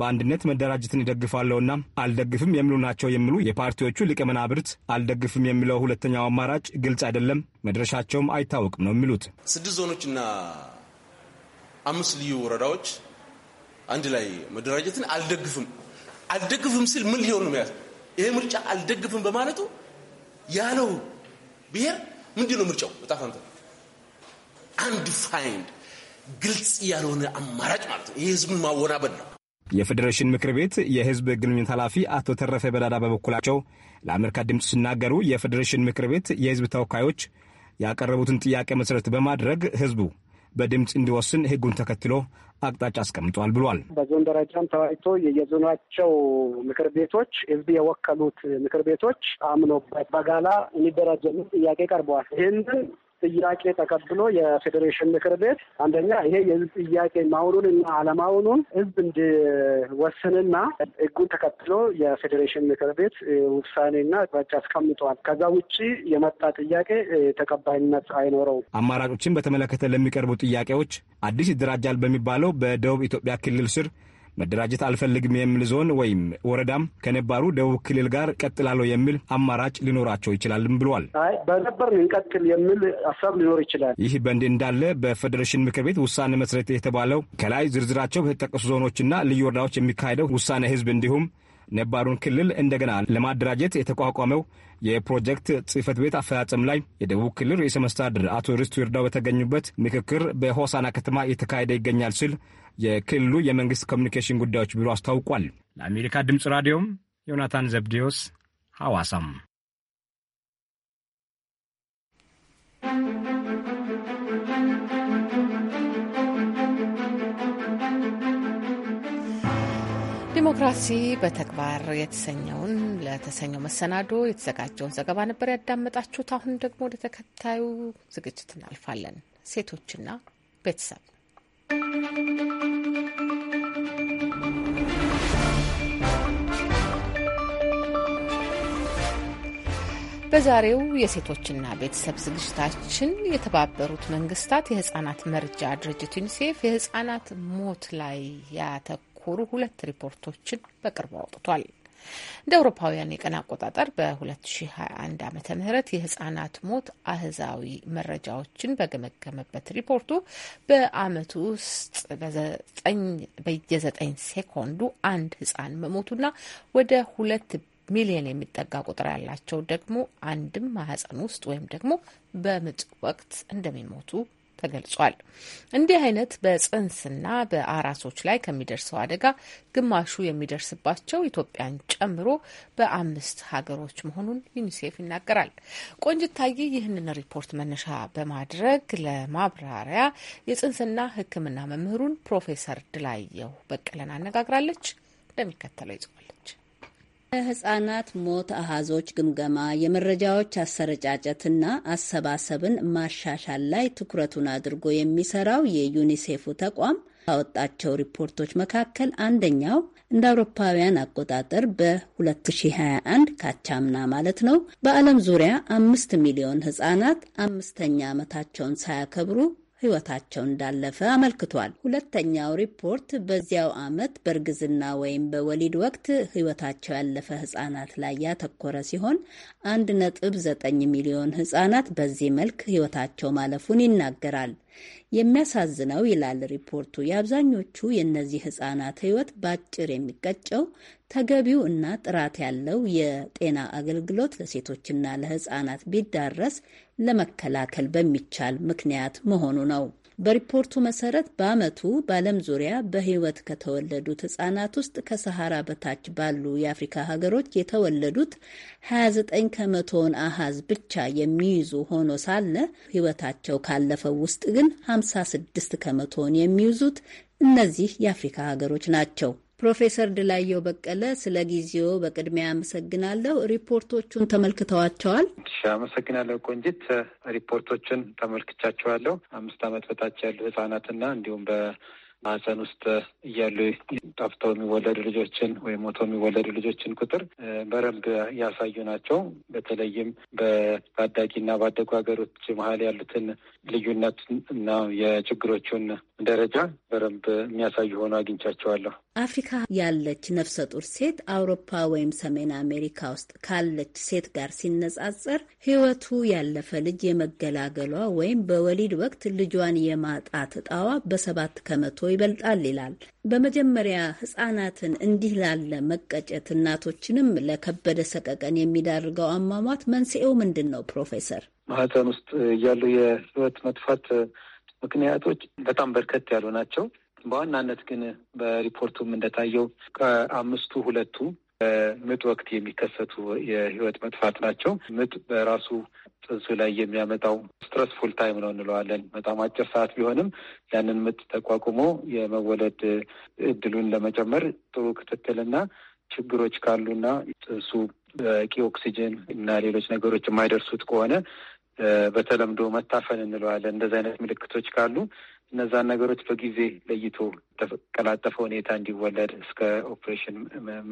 በአንድነት መደራጀትን ይደግፋለሁና አልደግፍም የሚሉ ናቸው የሚሉ የፓርቲዎቹ ሊቀመናብርት፣ አልደግፍም የሚለው ሁለተኛው አማራጭ ግልጽ አይደለም፣ መድረሻቸውም አይታወቅም ነው የሚሉት። ስድስት ዞኖችና አምስት ልዩ ወረዳዎች አንድ ላይ መደራጀትን አልደግፍም አልደግፍም ስል ምን ሊሆን ነው? ይሄ ምርጫ አልደግፍም በማለቱ ያለው ብሔር ምንድን ነው ምርጫው? በጣም አንድ ፋይንድ ግልጽ ያልሆነ አማራጭ ማለት ነው። ይህ ህዝብን ማወናበድ ነው። የፌዴሬሽን ምክር ቤት የህዝብ ግንኙነት ኃላፊ አቶ ተረፈ በዳዳ በበኩላቸው ለአሜሪካ ድምፅ ሲናገሩ የፌዴሬሽን ምክር ቤት የህዝብ ተወካዮች ያቀረቡትን ጥያቄ መሰረት በማድረግ ህዝቡ በድምፅ እንዲወስን ህጉን ተከትሎ አቅጣጫ አስቀምጧል ብሏል። በዞን ደረጃም ተወያይቶ የየዞናቸው ምክር ቤቶች ህዝብ የወከሉት ምክር ቤቶች አምኖበት በጋላ የሚደረጀ ጥያቄ ቀርበዋል። ይህንን ጥያቄ ተቀብሎ የፌዴሬሽን ምክር ቤት አንደኛ ይሄ የህዝብ ጥያቄ ማሆኑንና አለማሆኑን ህዝብ እንዲወስንና ህጉን ተከትሎ የፌዴሬሽን ምክር ቤት ውሳኔና አቅጣጫ አስቀምጠዋል። ከዛ ውጭ የመጣ ጥያቄ ተቀባይነት አይኖረውም። አማራጮችን በተመለከተ ለሚቀርቡ ጥያቄዎች አዲስ ይደራጃል በሚባለው በደቡብ ኢትዮጵያ ክልል ስር መደራጀት አልፈልግም የሚል ዞን ወይም ወረዳም ከነባሩ ደቡብ ክልል ጋር ቀጥላለሁ የሚል አማራጭ ሊኖራቸው ይችላልም ብሏል። በነበር እንቀጥል የሚል ሀሳብ ሊኖር ይችላል። ይህ በእንዲህ እንዳለ በፌዴሬሽን ምክር ቤት ውሳኔ መሰረት የተባለው ከላይ ዝርዝራቸው በተጠቀሱ ዞኖችና ልዩ ወረዳዎች የሚካሄደው ውሳኔ ህዝብ እንዲሁም ነባሩን ክልል እንደገና ለማደራጀት የተቋቋመው የፕሮጀክት ጽህፈት ቤት አፈጻጸም ላይ የደቡብ ክልል ርዕሰ መስተዳድር አቶ ርስቱ ይርዳው በተገኙበት ምክክር በሆሳና ከተማ እየተካሄደ ይገኛል ሲል የክልሉ የመንግስት ኮሚኒኬሽን ጉዳዮች ቢሮ አስታውቋል። ለአሜሪካ ድምፅ ራዲዮም ዮናታን ዘብዴዎስ ሐዋሳም ዲሞክራሲ በተግባር የተሰኘውን ለተሰኘው መሰናዶ የተዘጋጀውን ዘገባ ነበር ያዳመጣችሁት። አሁን ደግሞ ወደ ተከታዩ ዝግጅት እናልፋለን። ሴቶችና ቤተሰብ በዛሬው የሴቶችና ቤተሰብ ዝግጅታችን የተባበሩት መንግስታት የህጻናት መርጃ ድርጅት ዩኒሴፍ የህጻናት ሞት ላይ ያተኩ ያተኮሩ ሁለት ሪፖርቶችን በቅርቡ አውጥቷል። እንደ አውሮፓውያን የቀን አቆጣጠር በ2021 ዓ ም የህጻናት ሞት አህዛዊ መረጃዎችን በገመገመበት ሪፖርቱ በአመቱ ውስጥ በየዘጠኝ ሴኮንዱ አንድ ህጻን መሞቱና ወደ ሁለት ሚሊዮን የሚጠጋ ቁጥር ያላቸው ደግሞ አንድም ማህፀን ውስጥ ወይም ደግሞ በምጥ ወቅት እንደሚሞቱ ተገልጿል። እንዲህ አይነት በጽንስና በአራሶች ላይ ከሚደርሰው አደጋ ግማሹ የሚደርስባቸው ኢትዮጵያን ጨምሮ በአምስት ሀገሮች መሆኑን ዩኒሴፍ ይናገራል። ቆንጅታዬ ይህንን ሪፖርት መነሻ በማድረግ ለማብራሪያ የጽንስና ሕክምና መምህሩን ፕሮፌሰር ድላየው በቀለን አነጋግራለች። እንደሚከተለው ይጽፋለች። የህጻናት ሞት አሃዞች ግምገማ የመረጃዎች አሰረጫጨትና አሰባሰብን ማሻሻል ላይ ትኩረቱን አድርጎ የሚሰራው የዩኒሴፉ ተቋም ካወጣቸው ሪፖርቶች መካከል አንደኛው እንደ አውሮፓውያን አቆጣጠር በ2021 ካቻምና ማለት ነው በዓለም ዙሪያ አምስት ሚሊዮን ህጻናት አምስተኛ ዓመታቸውን ሳያከብሩ ሕይወታቸው እንዳለፈ አመልክቷል። ሁለተኛው ሪፖርት በዚያው ዓመት በእርግዝና ወይም በወሊድ ወቅት ሕይወታቸው ያለፈ ሕጻናት ላይ ያተኮረ ሲሆን አንድ ነጥብ ዘጠኝ ሚሊዮን ሕጻናት በዚህ መልክ ሕይወታቸው ማለፉን ይናገራል። የሚያሳዝነው ይላል ሪፖርቱ፣ የአብዛኞቹ የእነዚህ ህጻናት ህይወት በአጭር የሚቀጨው ተገቢው እና ጥራት ያለው የጤና አገልግሎት ለሴቶችና ለህጻናት ቢዳረስ ለመከላከል በሚቻል ምክንያት መሆኑ ነው። በሪፖርቱ መሰረት በአመቱ በዓለም ዙሪያ በህይወት ከተወለዱት ህጻናት ውስጥ ከሰሃራ በታች ባሉ የአፍሪካ ሀገሮች የተወለዱት 29 ከመቶውን አሃዝ ብቻ የሚይዙ ሆኖ ሳለ ህይወታቸው ካለፈው ውስጥ ግን 56 ከመቶውን የሚይዙት እነዚህ የአፍሪካ ሀገሮች ናቸው። ፕሮፌሰር ድላየው በቀለ ስለ ጊዜው በቅድሚያ አመሰግናለሁ። ሪፖርቶቹን ተመልክተዋቸዋል? አመሰግናለሁ ቆንጂት። ሪፖርቶችን ተመልክቻቸዋለሁ። አምስት ዓመት በታች ያሉ ህጻናትና እንዲሁም በ ማህፀን ውስጥ እያሉ ጠፍተው የሚወለዱ ልጆችን ወይም ሞቶ የሚወለዱ ልጆችን ቁጥር በረንብ ያሳዩ ናቸው። በተለይም በታዳጊና ባደጉ ሀገሮች መሀል ያሉትን ልዩነት እና የችግሮቹን ደረጃ በደንብ የሚያሳዩ ሆኖ አግኝቻቸዋለሁ። አፍሪካ ያለች ነፍሰ ጡር ሴት አውሮፓ ወይም ሰሜን አሜሪካ ውስጥ ካለች ሴት ጋር ሲነጻጸር ሕይወቱ ያለፈ ልጅ የመገላገሏ ወይም በወሊድ ወቅት ልጇን የማጣት እጣዋ በሰባት ከመቶ ይበልጣል ይላል። በመጀመሪያ ሕጻናትን እንዲህ ላለ መቀጨት እናቶችንም ለከበደ ሰቀቀን የሚዳርገው አሟሟት መንስኤው ምንድን ነው? ፕሮፌሰር ማህፀን ውስጥ እያሉ የሕይወት መጥፋት ምክንያቶች በጣም በርከት ያሉ ናቸው። በዋናነት ግን በሪፖርቱም እንደታየው ከአምስቱ ሁለቱ በምጥ ወቅት የሚከሰቱ የህይወት መጥፋት ናቸው። ምጥ በራሱ ጽንሱ ላይ የሚያመጣው ስትረስፉል ታይም ነው እንለዋለን። በጣም አጭር ሰዓት ቢሆንም ያንን ምጥ ተቋቁሞ የመወለድ እድሉን ለመጨመር ጥሩ ክትትልና ችግሮች ካሉና ጽንሱ በቂ ኦክሲጅን እና ሌሎች ነገሮች የማይደርሱት ከሆነ በተለምዶ መታፈን እንለዋለን። እንደዚህ አይነት ምልክቶች ካሉ እነዛን ነገሮች በጊዜ ለይቶ ተቀላጠፈ ሁኔታ እንዲወለድ እስከ ኦፕሬሽን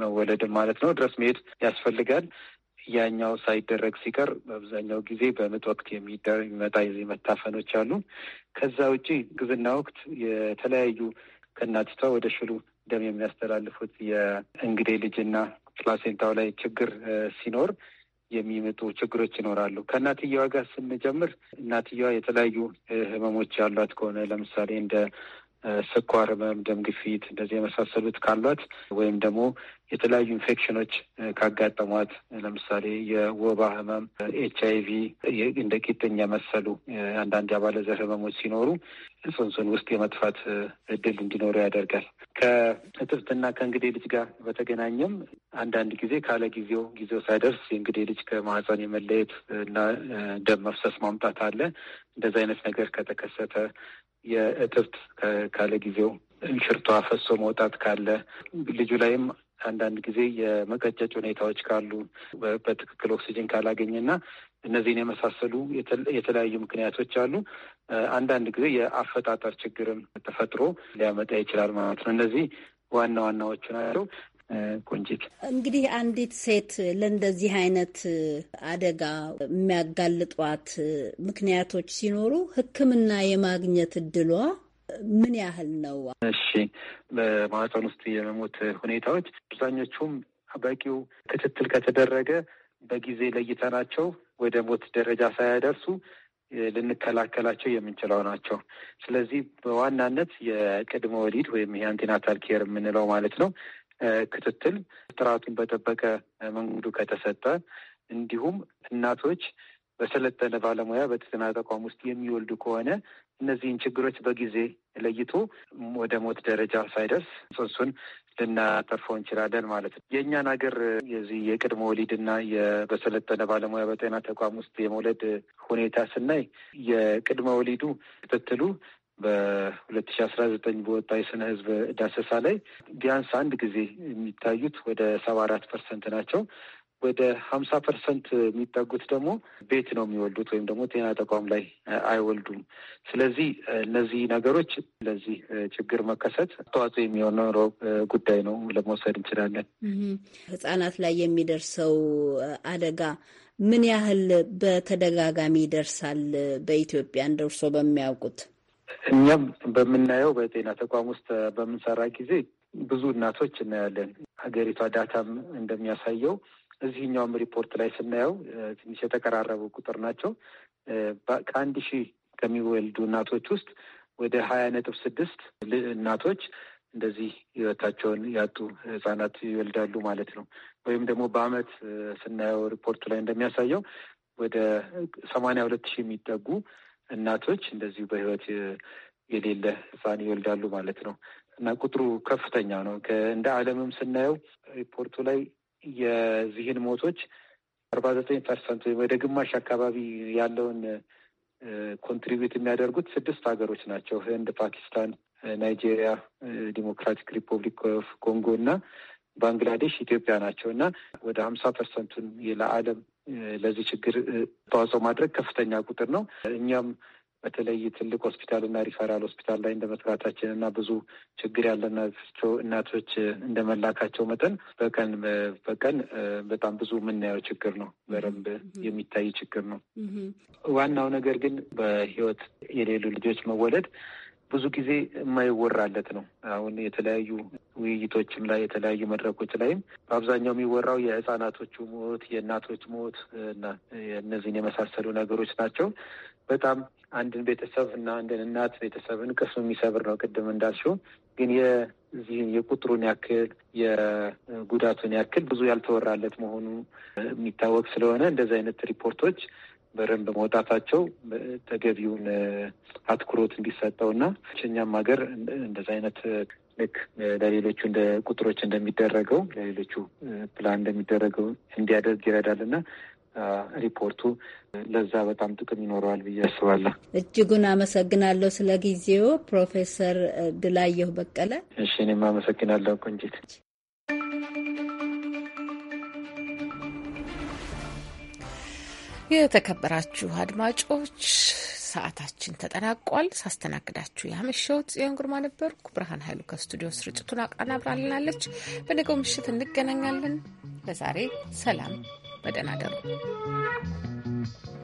መወለድ ማለት ነው ድረስ መሄድ ያስፈልጋል። ያኛው ሳይደረግ ሲቀር በአብዛኛው ጊዜ በምጥ ወቅት የሚመጣ የዚህ መታፈኖች አሉ። ከዛ ውጪ ግብና ወቅት የተለያዩ ከእናቲቷ ወደ ሽሉ ደም የሚያስተላልፉት የእንግዴ ልጅና ፕላሴንታው ላይ ችግር ሲኖር የሚመጡ ችግሮች ይኖራሉ። ከእናትየዋ ጋር ስንጀምር እናትየዋ የተለያዩ ህመሞች ያሏት ከሆነ ለምሳሌ እንደ ስኳር ህመም፣ ደም ግፊት እንደዚህ የመሳሰሉት ካሏት ወይም ደግሞ የተለያዩ ኢንፌክሽኖች ካጋጠሟት ለምሳሌ የወባ ህመም፣ ኤች አይ ቪ እንደ ቂጥኝ የመሰሉ አንዳንድ የአባለዘር ህመሞች ሲኖሩ ጽንሱን ውስጥ የመጥፋት እድል እንዲኖሩ ያደርጋል። ከእጥብትና ከእንግዴ ልጅ ጋር በተገናኘም አንዳንድ ጊዜ ካለ ጊዜው ጊዜው ሳይደርስ የእንግዴ ልጅ ከማህፀን የመለየት እና ደም መፍሰስ ማምጣት አለ። እንደዚ አይነት ነገር ከተከሰተ የእትብት ካለ ጊዜው እንሽርቶ ፈሶ መውጣት ካለ ልጁ ላይም አንዳንድ ጊዜ የመቀጨጭ ሁኔታዎች ካሉ በትክክል ኦክሲጅን ካላገኘና እነዚህን የመሳሰሉ የተለያዩ ምክንያቶች አሉ። አንዳንድ ጊዜ የአፈጣጠር ችግርም ተፈጥሮ ሊያመጣ ይችላል ማለት ነው። እነዚህ ዋና ዋናዎቹ ናቸው። ቆንጂት እንግዲህ አንዲት ሴት ለእንደዚህ አይነት አደጋ የሚያጋልጧት ምክንያቶች ሲኖሩ ሕክምና የማግኘት እድሏ ምን ያህል ነው? እሺ፣ በማህፀን ውስጥ የመሞት ሁኔታዎች አብዛኞቹም በቂው ክትትል ከተደረገ በጊዜ ለይተናቸው ወደ ሞት ደረጃ ሳያደርሱ ልንከላከላቸው የምንችለው ናቸው። ስለዚህ በዋናነት የቅድመ ወሊድ ወይም የአንቲናታል ኬር የምንለው ማለት ነው ክትትል ጥራቱን በጠበቀ መንገዱ ከተሰጠ እንዲሁም እናቶች በሰለጠነ ባለሙያ በጤና ተቋም ውስጥ የሚወልዱ ከሆነ እነዚህን ችግሮች በጊዜ ለይቶ ወደ ሞት ደረጃ ሳይደርስ ጽንሱን ልናተርፈው እንችላለን ማለት ነው። የእኛን ሀገር የዚህ የቅድመ ወሊድና በሰለጠነ ባለሙያ በጤና ተቋም ውስጥ የመውለድ ሁኔታ ስናይ የቅድመ ወሊዱ ክትትሉ በሁለት ሺ አስራ ዘጠኝ በወጣ የስነ ህዝብ ዳሰሳ ላይ ቢያንስ አንድ ጊዜ የሚታዩት ወደ ሰባ አራት ፐርሰንት ናቸው። ወደ ሀምሳ ፐርሰንት የሚጠጉት ደግሞ ቤት ነው የሚወልዱት ወይም ደግሞ ጤና ተቋም ላይ አይወልዱም። ስለዚህ እነዚህ ነገሮች ለዚህ ችግር መከሰት አስተዋጽኦ የሚሆነው ጉዳይ ነው ለመውሰድ እንችላለን። ህጻናት ላይ የሚደርሰው አደጋ ምን ያህል በተደጋጋሚ ይደርሳል? በኢትዮጵያ እንደርሶ በሚያውቁት እኛም በምናየው በጤና ተቋም ውስጥ በምንሰራ ጊዜ ብዙ እናቶች እናያለን። ሀገሪቷ ዳታም እንደሚያሳየው እዚህኛውም ሪፖርት ላይ ስናየው ትንሽ የተቀራረቡ ቁጥር ናቸው። ከአንድ ሺህ ከሚወልዱ እናቶች ውስጥ ወደ ሀያ ነጥብ ስድስት እናቶች እንደዚህ ህይወታቸውን ያጡ ህጻናት ይወልዳሉ ማለት ነው። ወይም ደግሞ በአመት ስናየው ሪፖርቱ ላይ እንደሚያሳየው ወደ ሰማንያ ሁለት ሺህ የሚጠጉ እናቶች እንደዚሁ በህይወት የሌለ ህፃን ይወልዳሉ ማለት ነው እና ቁጥሩ ከፍተኛ ነው። እንደ ዓለምም ስናየው ሪፖርቱ ላይ የዚህን ሞቶች አርባ ዘጠኝ ፐርሰንት ወይም ወደ ግማሽ አካባቢ ያለውን ኮንትሪቢዩት የሚያደርጉት ስድስት ሀገሮች ናቸው። ህንድ፣ ፓኪስታን፣ ናይጄሪያ፣ ዲሞክራቲክ ሪፐብሊክ ኦፍ ኮንጎ እና ባንግላዴሽ፣ ኢትዮጵያ ናቸው እና ወደ ሀምሳ ፐርሰንቱን ለዓለም ለዚህ ችግር ተዋጽኦ ማድረግ ከፍተኛ ቁጥር ነው። እኛም በተለይ ትልቅ ሆስፒታል እና ሪፈራል ሆስፒታል ላይ እንደ መስራታችን እና ብዙ ችግር ያለናቸው እናቶች እንደ መላካቸው መጠን በቀን በቀን በጣም ብዙ የምናየው ችግር ነው። በደንብ የሚታይ ችግር ነው። ዋናው ነገር ግን በህይወት የሌሉ ልጆች መወለድ ብዙ ጊዜ የማይወራለት ነው። አሁን የተለያዩ ውይይቶችም ላይ የተለያዩ መድረኮች ላይም በአብዛኛው የሚወራው የህፃናቶቹ ሞት፣ የእናቶች ሞት እና እነዚህን የመሳሰሉ ነገሮች ናቸው። በጣም አንድን ቤተሰብ እና አንድን እናት ቤተሰብን ቅስም የሚሰብር ነው። ቅድም እንዳልሽው ግን የዚህን የቁጥሩን ያክል የጉዳቱን ያክል ብዙ ያልተወራለት መሆኑ የሚታወቅ ስለሆነ እንደዚህ አይነት ሪፖርቶች በረን መውጣታቸው ተገቢውን አትኩሮት እንዲሰጠው እና እኛም ሀገር እንደዚ አይነት ልክ ለሌሎቹ እንደ ቁጥሮች እንደሚደረገው ለሌሎቹ ፕላን እንደሚደረገው እንዲያደርግ ይረዳል እና ሪፖርቱ ለዛ በጣም ጥቅም ይኖረዋል ብዬ አስባለሁ። እጅጉን አመሰግናለሁ ስለ ጊዜው ፕሮፌሰር ድላየሁ በቀለ። እሺ እኔም አመሰግናለሁ ቆንጂት። የተከበራችሁ አድማጮች ሰዓታችን ተጠናቋል። ሳስተናግዳችሁ ያመሸሁት ጽዮን ግርማ ነበርኩ። ብርሃን ኃይሉ ከስቱዲዮ ስርጭቱን አቀናብራልናለች። በነገው ምሽት እንገናኛለን። ለዛሬ ሰላም፣ በደህና እደሩ።